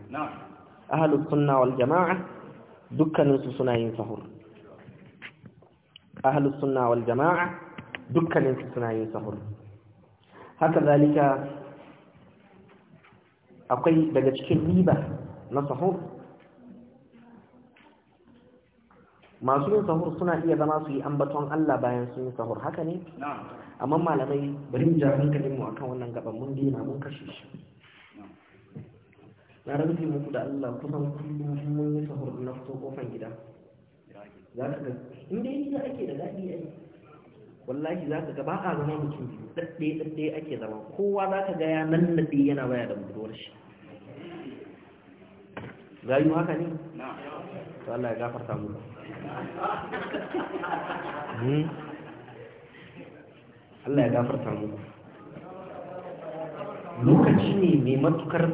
ahlus sunna wal jamaa dukkaninsu suna yin sahur ahlus sunna wal jamaa dukkaninsu suna yin sahur haka zalika akwai daga cikin riba na sahur masu yin sahur suna iya zama su yi ambaton Allah bayan sun yi sahur haka ne amma malamai bari mu ja hankalin mu akan wannan gaban mun dina mun kashe shi na rantsi muku da Allah kusan kullum mun yi sahur na fito kofan gida za ka ga inda yi ake da daɗi ai wallahi za ka ga ba a zama mutum biyu ɗaɗɗe ake zama kowa za ka gaya nan nan naɗe yana baya da budurwar shi Za yi haka ne? to Allah ya gafarta mu hmm? Allah ya gafarta mu lokaci ne mai matukar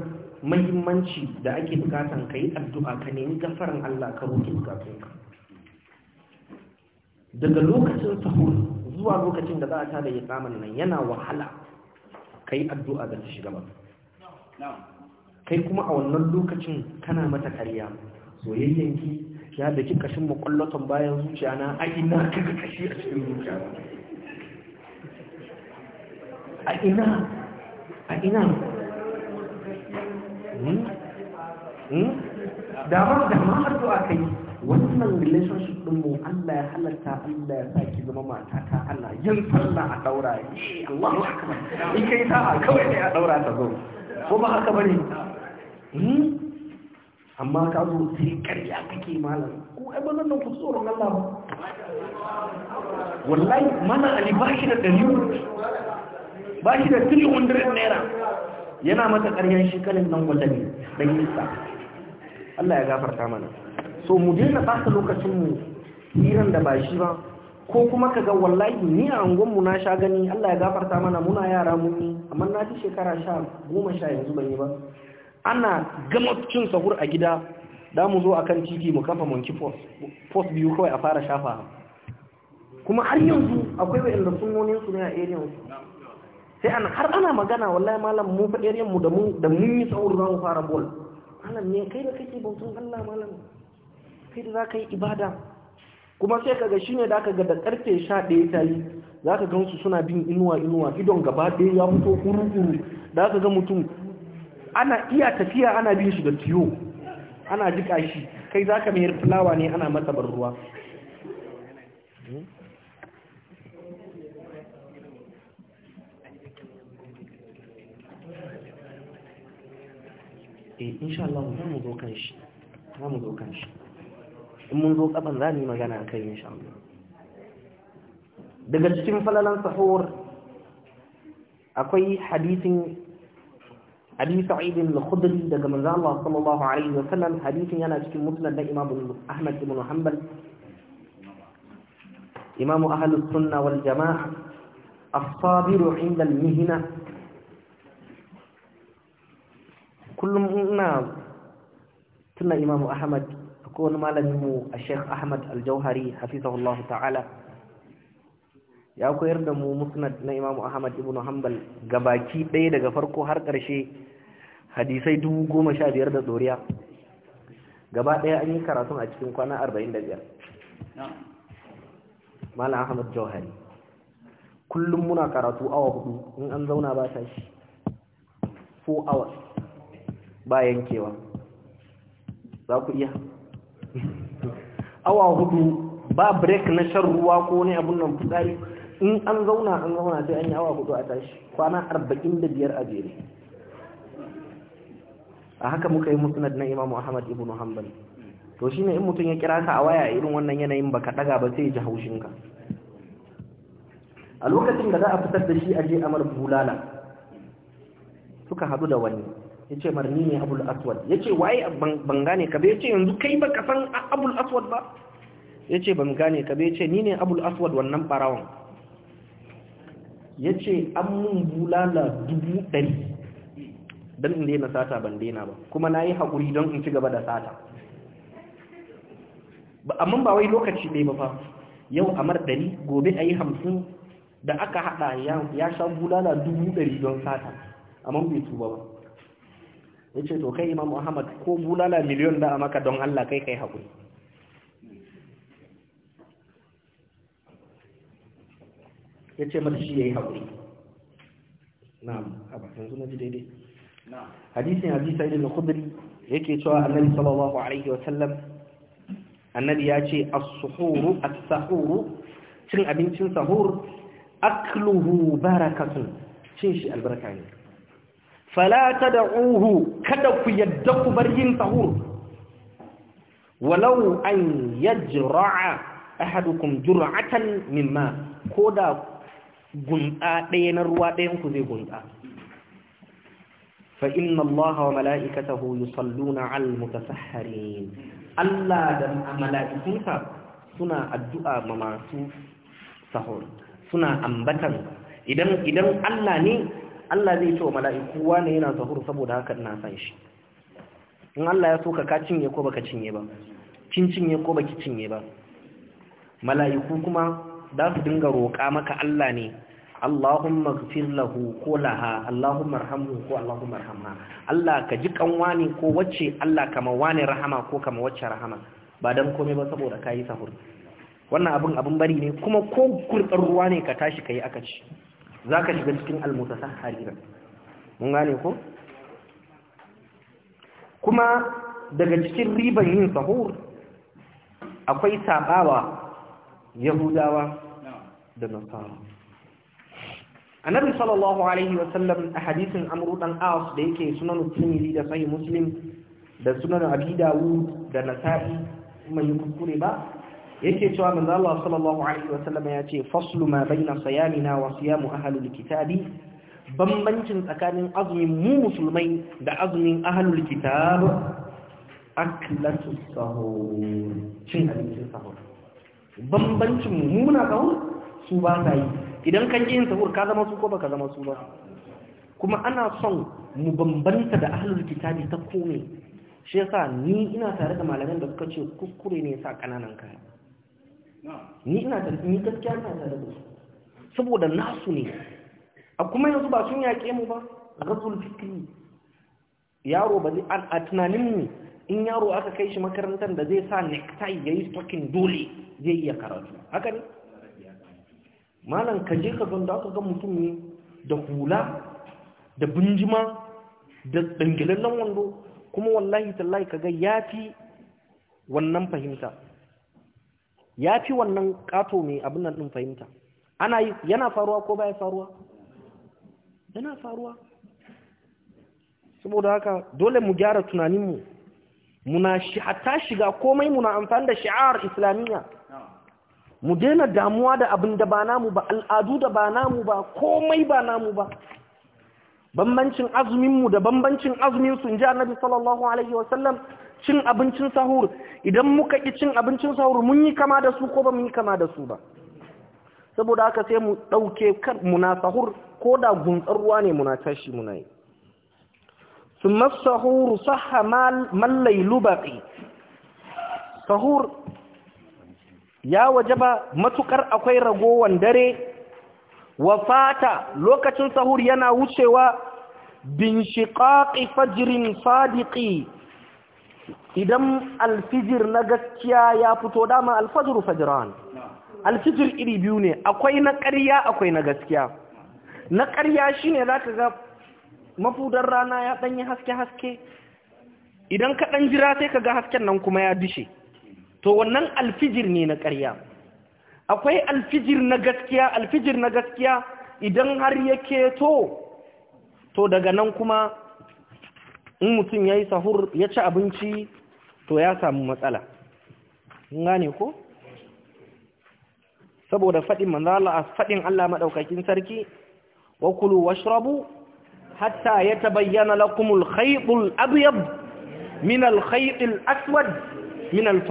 mahimmanci da ake bukatan ka yi addu'a ka nemi gafaran Allah ka roƙi bukatunka daga lokacin sahur zuwa lokacin da za a tada iqaman nan yana wahala kai addu'a da ta shiga ba kai kuma a wannan lokacin kana mata kariya soyayyanki ya da kika makwallaton bayan zuciya na a ina kika kashi a cikin zuciya a ina a ina hmm? Hmm? damar ma addu'a kai wannan relationship din mu Allah ya halatta Allah ya saki zama mata ta Allah yin sallah a daura yi eh, Allahu akbar in kai ta kawai ne a daura ta zo ko ba haka bane hmm? amma ka zo sai karya kake malam ko ai ba nan ku tsoron Allah ba wallahi mana ali ba shi da dalil ba shi da 300 naira yana mata karyan kalin nan wallahi dan yinsa Allah ya gafarta mana so mu daina ɓata lokacinmu hiran da ba shi ba ko kuma kaga wallahi ni a angonmu na sha gani Allah ya gafarta mana muna yara muni amma na fi shekara sha goma sha yanzu ban yi ba ana gama cin sahur a gida da mu zo akan titi mu kafa monkey post biyu kawai a fara shafa kuma har yanzu akwai wa sun sunonin su ne a area sai an har ana magana wallahi malam mu fa area mu da mu da mun yi sahur za mu fara ball malam ne kai da kake bautun Allah malam kai da za ka yi ibada kuma sai kaga shi ne da aka ga da karfe sha ɗaya ta yi za ka gansu suna bin inuwa inuwa idon gaba ɗaya ya fito kuru-kuru da aka ga mutum ana iya tafiya ana bin shi da tiyo ana jika shi kai za ka mayar fulawa ne ana mata ruwa eh insha Allah mu zo kan shi mu zo kan shi منذ قبل ذاني ما جانا إن شاء الله دقل جتم فلالان صحور حديث حديث عيد الخضري دقم الله صلى الله عليه وسلم حديث ينا جتم مثلا لإمام أحمد بن حنبل إمام أهل السنة والجماعة الصابر عند المهنة كل مؤمنات سنة إمام أحمد ko wani malamin mu a Sheikh Ahmad Al-Jauhari hafizahullahu ta'ala ya koyar da mu musnad na Imam Ahmad ibn Hanbal gabaki ɗaya daga farko har ƙarshe hadisai dubu goma sha biyar da tsoriya gaba ɗaya an yi karatun a cikin kwana arba'in da biyar Malam Ahmad Jauhari kullum muna karatu awa hudu in an zauna ba shi, 4 hours ba yankewa za ku iya awa hudu ba break na shan ruwa ko ne abun nan fitsari in an zauna an zauna sai an yi awa hudu a tashi kwana arba'in da biyar a jere a haka muka yi musnad na Imam ahmad ibn hanbal to shine in mutum ya kira ka a waya irin wannan yanayin baka daga ba sai ya ji haushinka a lokacin da za a fitar da shi a je amar bulala suka hadu da wani ya ce marni ne abul aswad ya ce waye ban gane ka ba ya ce yanzu kai ba kasan abul aswad ba ya ce ban gane ka ba ya ce ni ne abul aswad wannan barawan ya ce an mun bulala dubu ɗari don in daina sata ban daina ba kuma na yi haƙuri don in ci gaba da sata amma ba wai lokaci ɗaya ba fa yau a mar ɗari gobe a yi hamsin da aka haɗa ya sha bulala dubu ɗari don sata amma bai tuba ba ya ce to kai imam Muhammad ko bulala miliyon da a maka don allah kai kai haƙuri ya ce mata shi ya yi haƙuri na'am a bakin zuna ji daidai hadisun hadisa idin al-khudri yake cewa annabi sallallahu alaihi wa sallam annabi ya ce as-suhuru as-sahuru cin abincin sahur akluhu barakatun cin shi albarka ne fala tad'uhu kada ku yadda ku bar yin sahur walau an yajra'a ahadukum jur'atan mimma koda gunta ɗaya na ruwa ɗayan ku zai gunta fa inna allaha wa mala'ikatahu yusalluna 'alal mutasahhirin Allah da mala'ikunsa suna addu'a ma masu sahur suna ambatan idan idan Allah ne Allah zai ce wa mala'iku wane yana sahur saboda haka ina san shi in Allah ya so ka ka cinye ko baka cinye ba kin cinye ko baki cinye ba mala'iku kuma za su dinga roƙa maka Allah ne Allahumma gfir lahu ko laha Allahumma arhamhu ko Allahumma arhamha Allah ka ji kanwa ne ko wacce Allah kama wani rahama ko kama wacce rahama ba dan komai ba saboda kayi sahur wannan abin abin bari ne kuma ko kurɗar ruwa ne ka tashi kayi aka ci za ka shiga cikin almutasahharina mun gane ku? kuma daga cikin riban yin sahur akwai sabawa yahudawa da nasara annabi sallallahu alaihi wasallam a hadisin amru aus da yake sunan tirmidhi da sahih muslim da sunan abi dawud da nasari mai kuskure ba yake cewa manzo Allah sallallahu alaihi wasallam ya ce faslu ma baina siyamina wa siyamu ahlul kitabi bambancin tsakanin azumin mu musulmai da azumin ahlul kitab aklatu sahur cin abincin sahur bambancin mu muna sahur su ba sa yi idan kan yin sahur ka zama su ko baka zama su ba kuma ana son mu bambanta da ahlul kitabi ta kome shi yasa ni ina tare da malaman da suka ce kuskure ne sa kananan kaya ni ina da ni gaskiya ina da su saboda nasu ne a kuma yanzu ba sun yaƙe mu ba ghazul fikri yaro ba zai a tunanin mu in yaro aka kai shi makarantar da zai sa necktie yayi stocking dole zai iya karatu haka ne malam ka je ka zonda aka ga mutum ne da hula da bunjima da dangilallen wando kuma wallahi tallahi ka ga yafi wannan fahimta ya fi wannan kato mai abin nan din fahimta ana yi yana faruwa ko baya faruwa yana faruwa saboda haka dole mu gyara tunaninmu muna shi hatta shiga komai muna amfani da shi'ar islamiyya mu daina damuwa da abin da ba namu ba al'adu da ba namu ba komai ba namu ba bambancin azuminmu da bambancin azumin sun annabi sallallahu alaihi wasallam cin abincin sahur idan muka ƙi cin abincin sahur mun yi kama da su ko ba mun yi kama da su ba saboda haka sai mu ɗauke kan muna sahur ko da guntsar ruwa ne muna tashi muna yi summa sahur sahha mallai lubaqi sahur ya wajaba matukar akwai ragowan dare wa fata lokacin sahur yana wucewa bin shiqaqi fajrin sadiqi idan alfijir na gaskiya ya fito dama alfajiru fajiran alfijir iri biyu ne akwai na ƙarya akwai na gaskiya na ƙarya shi shine zaka ga mafudar rana ya ɗanyi haske haske idan ka ɗan jira sai ka ga hasken nan kuma ya dishe to wannan alfijir ne na ƙarya akwai alfijir na gaskiya alfijir na gaskiya idan har ya keto to daga nan kuma in mutum ya yi sahur ya ci abinci to ya samu matsala gane ko saboda faɗin manzala faɗin Allah maɗaukakin sarki wa kulu washrabu hatta yatabayyana lakumul khaytul abyad min al khaytil aswad min al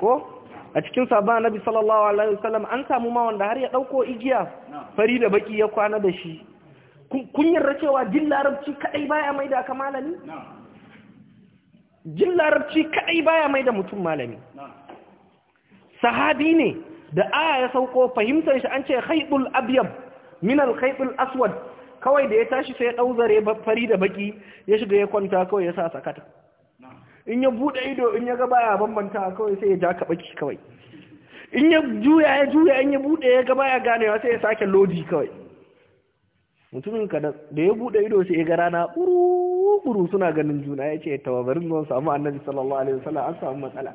ko a cikin sabon annabi sallallahu alaihi wasallam an samu ma wanda har ya ɗauko igiya fari da baki ya kwana da shi kun yarda cewa din larabci kadai baya maida ka malami jin larabci kadai baya mai da mutum malami sahabi ne da aya ya sauko fahimtar shi an ce haibul Abiyam, minar al aswad kawai da ya tashi sai ya dauzare fari da baki ya shiga ya kwanta kawai ya sa sakata in ya bude ido in ya ga baya bambanta kawai sai ya ja ka baki kawai in ya juya ya juya in ya bude ya ga baya ganewa sai ya sake lodi kawai mutumin ka da ya bude ido sai ya ga rana buru suna ganin juna ya ce tawabarin zuwan samu annabi sallallahu alaihi wasallam an samu matsala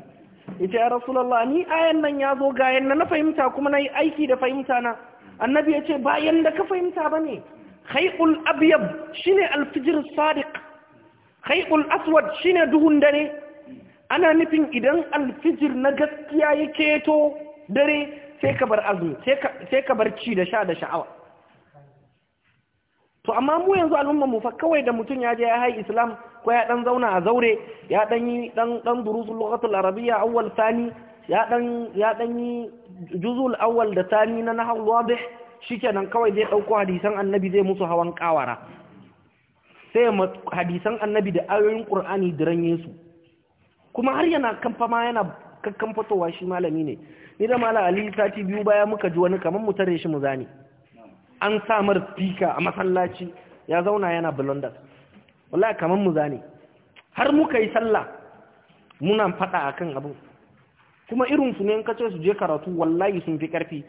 ya ce ya rasulallah ni ayan nan ya zo ga yanda na fahimta kuma na yi aiki da fahimta na annabi ya ce bayan da ka fahimta ba ne khai'ul abyab shine alfijir sadiq khai'ul aswad shine duhun dare ana nufin idan alfijir na gaskiya ya keto dare sai ka bar azumi sai ka bar ci da sha da sha'awa to amma mu yanzu al'umman mu fa kawai da mutum ya je ya hai islam ko ya dan zauna a zaure ya dan yi dan dan durusul lughatul arabiyya awwal thani ya dan ya dan yi juzul awwal da thani na nahwu wadih shikenan kawai zai dauko hadisan annabi zai musu hawan kawara sai hadisan annabi da ayoyin qur'ani diran Yesu. kuma har yana kamfa ma yana kakkan fitowa shi malami ne ni da mala ali sati biyu baya muka ji wani kaman mu tare shi mu zani an samar fika a masallaci ya zauna yana blunders wallahi kaman mu zane har muka yi sallah muna fada akan abu. kuma irin su ne in kace su je karatu wallahi sun fi karfi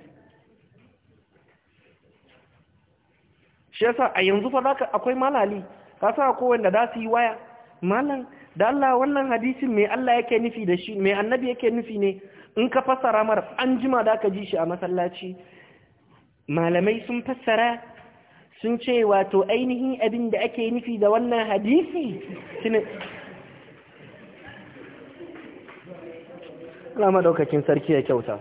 shi yasa a yanzu fa zaka akwai malali ka sa ko wanda da su yi waya malam da Allah wannan hadisin me Allah yake nufi da shi me annabi yake nufi ne in ka fasara mar an jima da ka ji shi a masallaci malamai sun fassara sun ce wato ainihin abin da ake nufi da wannan hadisi Allah daukakin sarki ya kyauta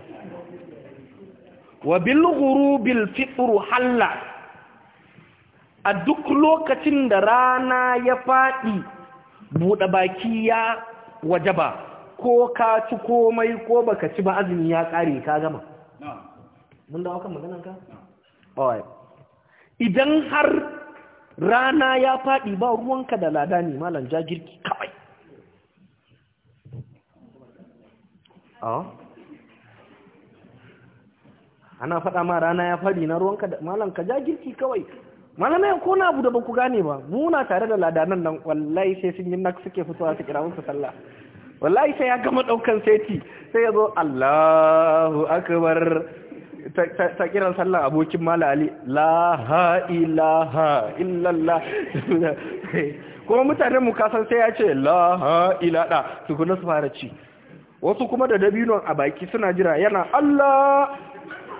wa bil ghurubil fitr halla a duk lokacin da rana ya faɗi buɗe baki ya wajaba ko ka ci komai ko baka ci ba azumi ya ƙare ka gama mun dawo kan maganan ka idan har rana ya faɗi ba ruwanka da lada ne malam jagirki kawai oh. ana faɗa ma rana ya faɗi na ruwanka da malam ka jagirki kawai malamai ko na abu da ba ku gane ba muna tare da lada nan wallahi sai sun yi nak suke fitowa su kira musu sallah wallahi sai ya gama ɗaukan seti sai ya zo Allahu akbar ta kiran sallah abokin mala ali la ha ilaha illallah kuma mutanen mu kasan sai ya ce la ha ilada tukuna su fara ci wasu kuma da dabinon a baki suna jira yana Allah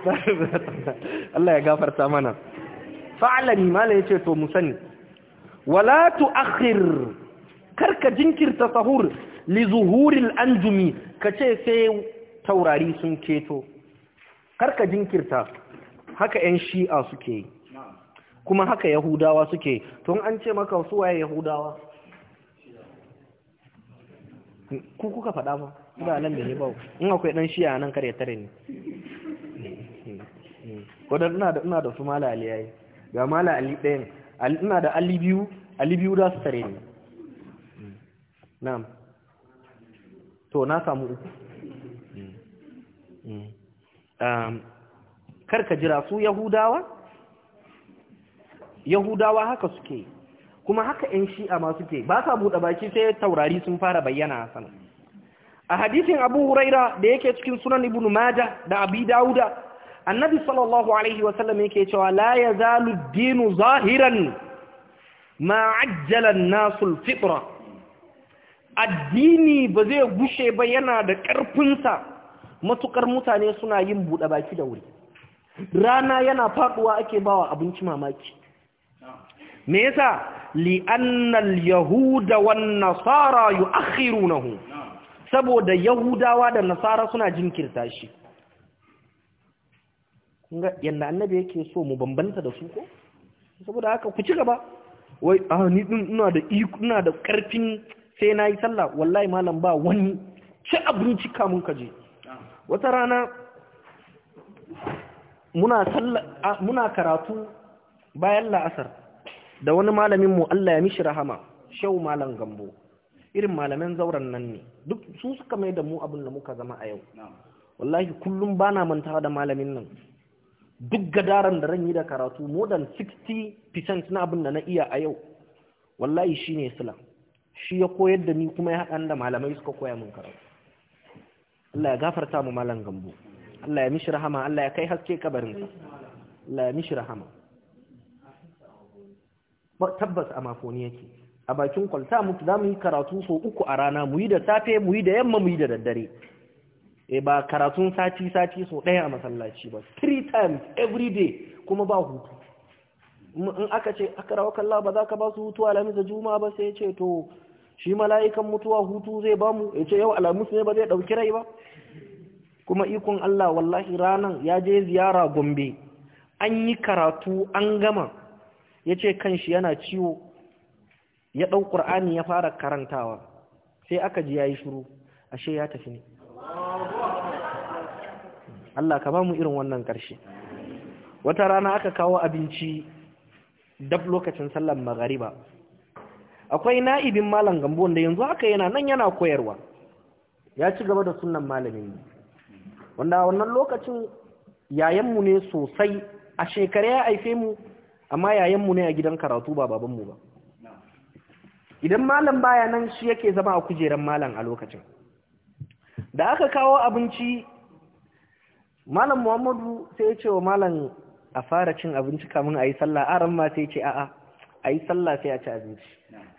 Allah ya gafarta mana fa'alani mala ce to mu sani wala tu'akhir karka jinkirta sahur li zuhuril anjumi kace sai taurari sun keto karka jinkirta haka ‘yan shi'a suke yi kuma haka yahudawa suke tun an ce maka su waye yahudawa ku kuka faɗa ba ba nan da ne ba in akwai ɗan shi'a nan kare tare ne wadda ina da su mala ali yayi ga mala ali ɗayan ina da ali biyu ali biyu da su tare ne na'am to na samu uku hmm. Hmm. Um, karka jira su yahudawa yahudawa haka suke kuma haka ‘yan shi'a ma suke ba sa buɗe baki sai taurari sun fara bayyana a sana a hadisin abu huraira da yake cikin sunan ibn maja da abi dauda annabi sallallahu alaihi wasallam yake cewa la ya zalu dinu zahiran ma ajjalan nasul fitra addini ba zai gushe ba yana da ƙarfinsa matukar mutane suna yin buɗe baki da wuri rana yana faɗuwa ake bawa abinci mamaki me yasa li'annal yahuda wan nasara yu'akhirunahu saboda yahudawa da nasara suna jinkirta shi kunga yanda annabi yake so mu bambanta da su ko saboda haka ku ci gaba wai ah ni din ina da ina da karfin sai nayi sallah wallahi malam ba wani ci abinci kamun kaje wata rana muna karatu bayan la'asar da wani malaminmu Allah ya mishi rahama shau malam gambo irin malamin zauren nan ne duk su suka mai da mu abin da muka zama a yau wallahi kullum ba na mantawa da malamin nan duk gadaran da ran yi da karatu more than 60% na abin da na iya a yau wallahi shi ne shi ya koyar da ni kuma ya haɗa da malamai suka koya min karatu Allah ya gafarta mu malan gambo Allah ya mishi rahama Allah ya kai haske kabarinsa Allah ya mishi rahama tabbas a mafoni yake a bakin kwalta mutu za mu yi karatu so uku a rana mu yi da safe mu yi da yamma mu yi da daddare eh ba karatun sati-sati so ɗaya a masallaci ba three times every day kuma ba hutu in aka ce aka rawa kalla ba za ka ba su hutu alhamis da juma ba sai ce to shi mala'ikan mutuwa hutu zai ba mu ya ce yau alamus ne ba zai ɗauki rai ba kuma ikon Allah wallahi ranan ya je ziyara gombe an yi karatu an gama ya ce kanshi yana ciwo ya ɗau ƙur'ani ya fara karantawa sai aka ji ya yi shuru ashe ya tafi ne Allah ka ba mu irin wannan ƙarshe wata rana aka kawo abinci dab lokacin sallar magariba akwai na'ibin malam gambo Da yanzu haka yana nan yana koyarwa ya ci gaba da sunan malamin wanda wannan lokacin yayanmu ne sosai a shekara ya haife mu amma yayanmu ne a gidan karatu ba babanmu ba idan malam baya nan shi yake zama a kujeran malam a lokacin da aka kawo abinci malam muhammadu sai ya ce wa malam a fara cin abinci kamun a yi sallah aran ma sai ce a'a a yi sallah sai a ci abinci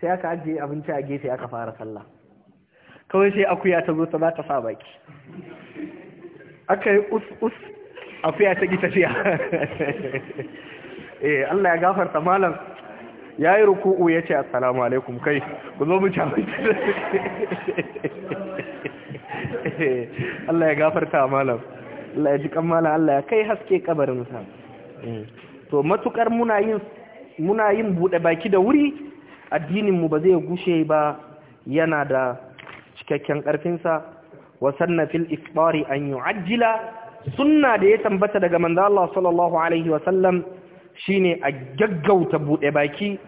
sai aka ajiye abinci a gefe aka fara sallah kawai sai akuya ta zo ta za ta sa baki aka yi us-us a fiya ta gita fiya eh Allah ya gafarta malam ya yi ruku'u ya ce assalamu alaikum kai ku zo mu cabai Allah ya gafarta malam Allah ya ji kan malam Allah ya kai haske kabarinsa eh, to matukar muna yin muna yin bude baki da wuri addininmu ba zai gushe ba yana da cikakken ƙarfinsa wa sanna fil iftari an yu'ajjila sunna da ya tambata daga manzo Allah sallallahu alaihi wa sallam shine a gaggauta bude baki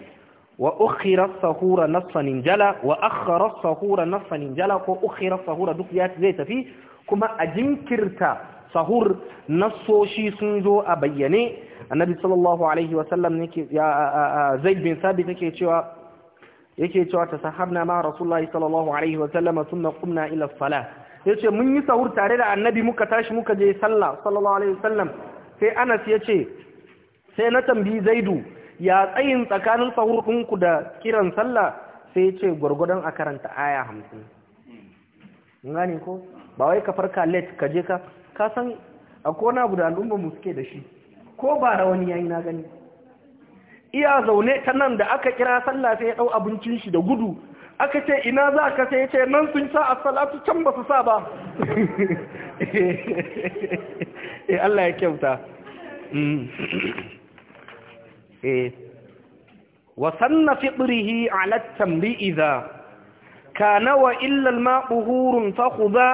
wa ukhira sahura nasfan jala wa akhara sahura nasfan jala ko ukhira sahura duk ya zai tafi kuma a jinkirta sahur nasoshi sun zo a bayyane annabi sallallahu alaihi wa sallam yake zaid bin sabit yake cewa yake cewa tasahabna ma rasulullahi sallallahu alaihi wa sallam thumma qumna ila as yace mun yi sahur tare da annabi muka tashi muka je sallah sallallahu alaihi wasallam sai Anas ya ce sai na tambi Zaidu ya tsayin tsakanin sahur ɗinku da kiran sallah sai ya ce gwargwadon a karanta aya hamsin. ngani ko ba wai ka farka let ka je ka ka san akwai kona abu da al'umma mu suke da shi ko ba wani yayi na gani iya zaune ta nan da aka kira sallah sai ya dau abincin shi da gudu aka ce ina za ka sai ce nan sun sa a salatu can ba su sa ba eh Allah ya kyauta mm. eh wa sanna fitrihi ala tamri idha kana wa illa al-ma'u fa khudha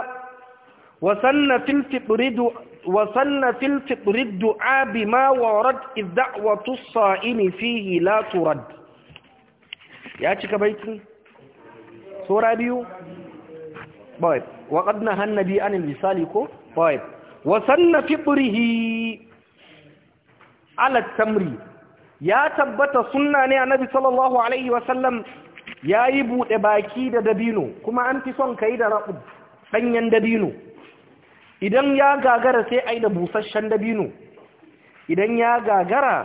wa sanna fil fitridu وصلنا في الفطر الدعاء بما sura biyu طيب وقد نهى النبي عن الوصال كو طيب fi فطره على tamri. ya tabbata sunna ne annabi sallallahu alaihi wasallam yayi bude baki da dabino kuma an fi son kai da rabu danyen dabino idan ya gagara sai ai da busasshen dabino idan ya gagara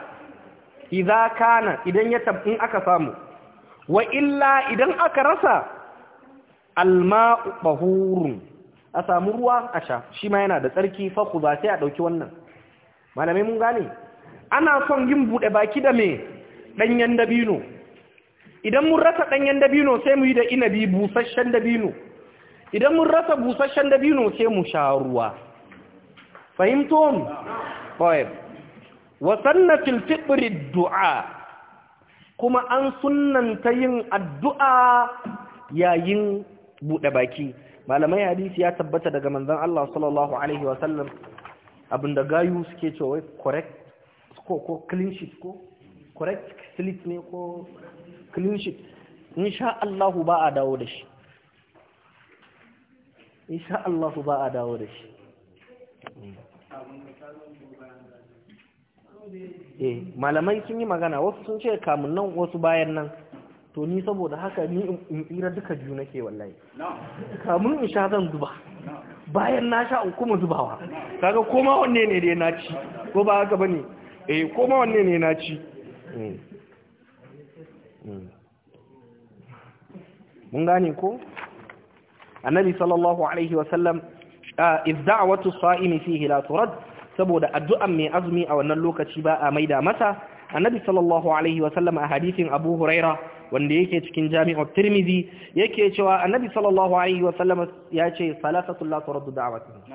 idza kana idan ya tabbin aka samu wa illa idan aka rasa alma'u bahurun a samu ruwa a sha shi ma yana da tsarki faku ba sai a ɗauki wannan malamai mun gane ana son yin buɗe baki da mai ɗanyen dabino idan mun rasa ɗanyen dabino sai mu yi da inabi busasshen dabino idan mun rasa busasshen dabino sai mu sha ruwa fahimto mu ƙwayar na fiɓirin du'a kuma an sunanta yin addu'a yayin buɗe baki malamai hadisi ya tabbata daga manzon Allah sallallahu alaihi wa sallam abinda gayu suke cewa correct ko ko clean sheet ko correct slit ne ko clean sheet insha Allah ba a dawo da shi insha Allah ba a dawo da shi eh malamai sun yi magana wasu sun ce kamun nan wasu bayan nan to ni saboda haka ni in tsira duka biyu nake wallahi kamun in sha zan zuba bayan na sha in kuma zubawa kaga koma wanne ne dai na ci ko ba haka bane eh koma wanne ne na ci hmm. Hmm. mun gane ko annabi sallallahu alaihi wa sallam idda'watu sa'imi fihi la turad saboda addu'an mai azumi a wannan lokaci ba a maida masa annabi sallallahu alaihi wa sallam a hadisin abu huraira wanda yake cikin jami'a tirmidhi yake cewa annabi sallallahu alaihi wa sallam ya ce salasatul la turaddu da'watuhum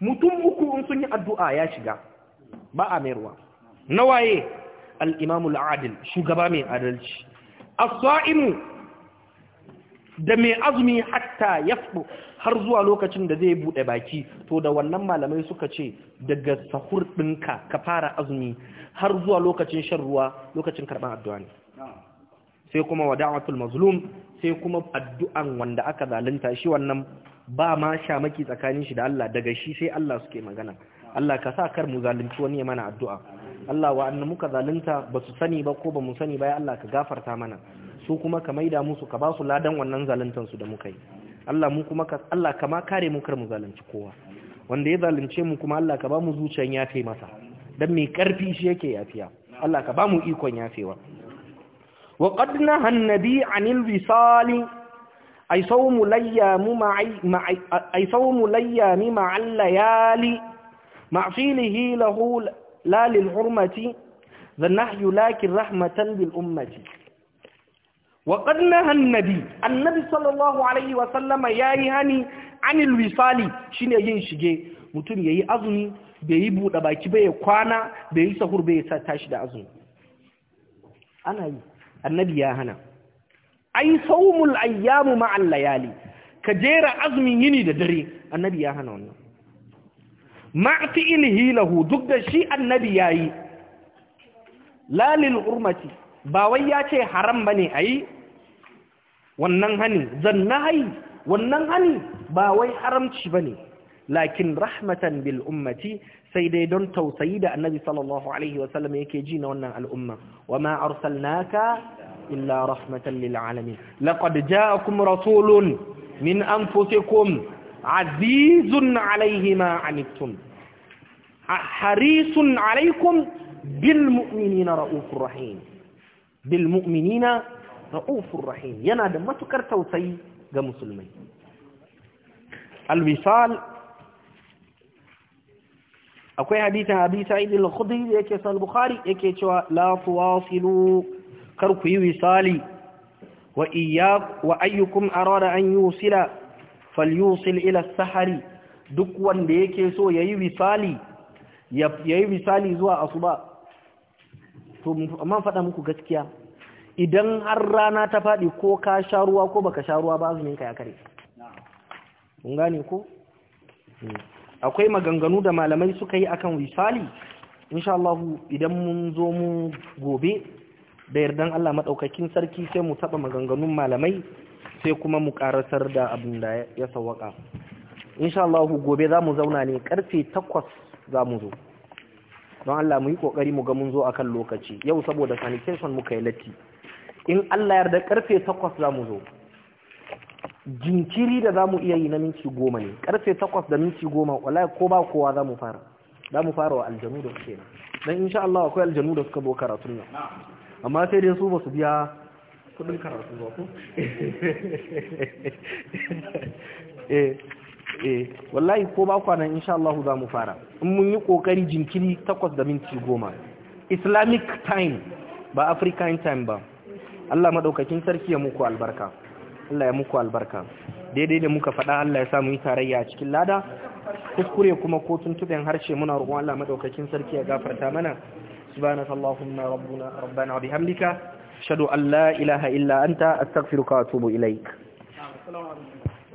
mutum uku in sun yi addu'a ya shiga ba a mayarwa nawaye al-imamu al-adil shugaba mai adalci as-sa'imu da mai azumi hatta yafdu har zuwa lokacin da zai bude baki to da wannan malamai suka ce daga sahur dinka ka fara azumi har zuwa lokacin shan ruwa lokacin karban addu'a ne sai kuma wada'atul mazlum sai kuma addu'an wanda aka zalunta shi wannan ba ma shamaki tsakanin shi da Allah daga shi sai Allah suke magana Allah ka sa kar mu zalunci wani ya mana addu'a Allah wa annan muka zalunta ba su sani ba ko ba mu sani ba ya Allah ka gafarta mana su kuma ka maida musu ka ba su ladan wannan zaluntan su da muka yi Allah mu kuma ka Allah ka ma kare mu kar mu zalunci kowa wanda ya zalunce mu kuma Allah ka ba mu zuciyan yafe masa dan mai karfi shi yake yafiya Allah ka ba mu ikon yafewa وقد نهى النبي عن الوصال أي صوم الأيام مع معي أي صوم الأيام مع الليالي مع فيله له لا للحرمة ذا النهي لكن رحمة للأمة وقد نهى النبي النبي صلى الله عليه وسلم يا يهني عن الوصال شين يين شجي متون yayi أظني bai yi buɗe كوانا bai kwana تاشد أظني أنا bai annabi ya hana ai saumul ayyamu ma'al layali ka jera azumin yini da dare annabi ya hana wannan ma'ati duk da shi annabi yayi lalil urmati ba wai ya ce haram bane ayi wannan hani zannahi wannan hani ba wai haramci bane lakin rahmatan bil ummati sai dai don tausayi da annabi sallallahu alaihi wasallam yake ji na wannan al'umma wa ma arsalnaka إلا رحمة للعالمين لقد جاءكم رسول من أنفسكم عزيز عليه ما عنتم حريص عليكم بالمؤمنين رؤوف رحيم بالمؤمنين رؤوف رحيم ينادى ما تكر توسي كمسلمين الوصال akwai hadisin abi sa'id al-khudri da yake sahih bukhari yake cewa la tuwasilu kar ku yi wisali wa iyyak wa ayyukum arada an yusila falyusil ila sahari duk wanda yake so yayi wisali yayi wisali zuwa asuba to amma faɗa muku gaskiya idan har rana ta faɗi ko ka sha ruwa ko baka sha ruwa ba azumin ka ya kare kun gane ko akwai maganganu da malamai suka yi akan wisali insha Allah idan mun zo mu gobe da yardan Allah maɗaukakin sarki sai mu taɓa maganganun malamai sai kuma mu ƙarasar da abin da ya In sha Allah gobe za mu zauna ne ƙarfe takwas za mu zo don Allah mu yi ƙoƙari mu ga mun zo akan lokaci yau saboda sanitation mu kai latti in Allah yarda ƙarfe takwas za mu zo jinkiri da za mu iya yi na minti goma ne ƙarfe takwas da minti goma wallahi ko ba kowa za mu fara za mu fara wa aljanu da suke nan don sha Allah akwai aljanu da suka zo karatun nan amma sai dai su ba su biya kudin karatu ba ku eh eh wallahi ko ba kwanan insha Allah za mu fara in mun yi kokari jinkiri takwas da minti goma islamic time ba african time ba Allah madaukakin sarki ya muku albarka Allah ya muku albarka daidai da muka faɗa Allah ya samu yi tarayya a cikin lada kuskure kuma ko tuntuɓen harshe muna roƙon Allah madaukakin sarki ya gafarta mana سبحانك اللهم ربنا ربنا وبحمدك أشهد أن لا إله إلا أنت أستغفرك وأتوب إليك السلام عليكم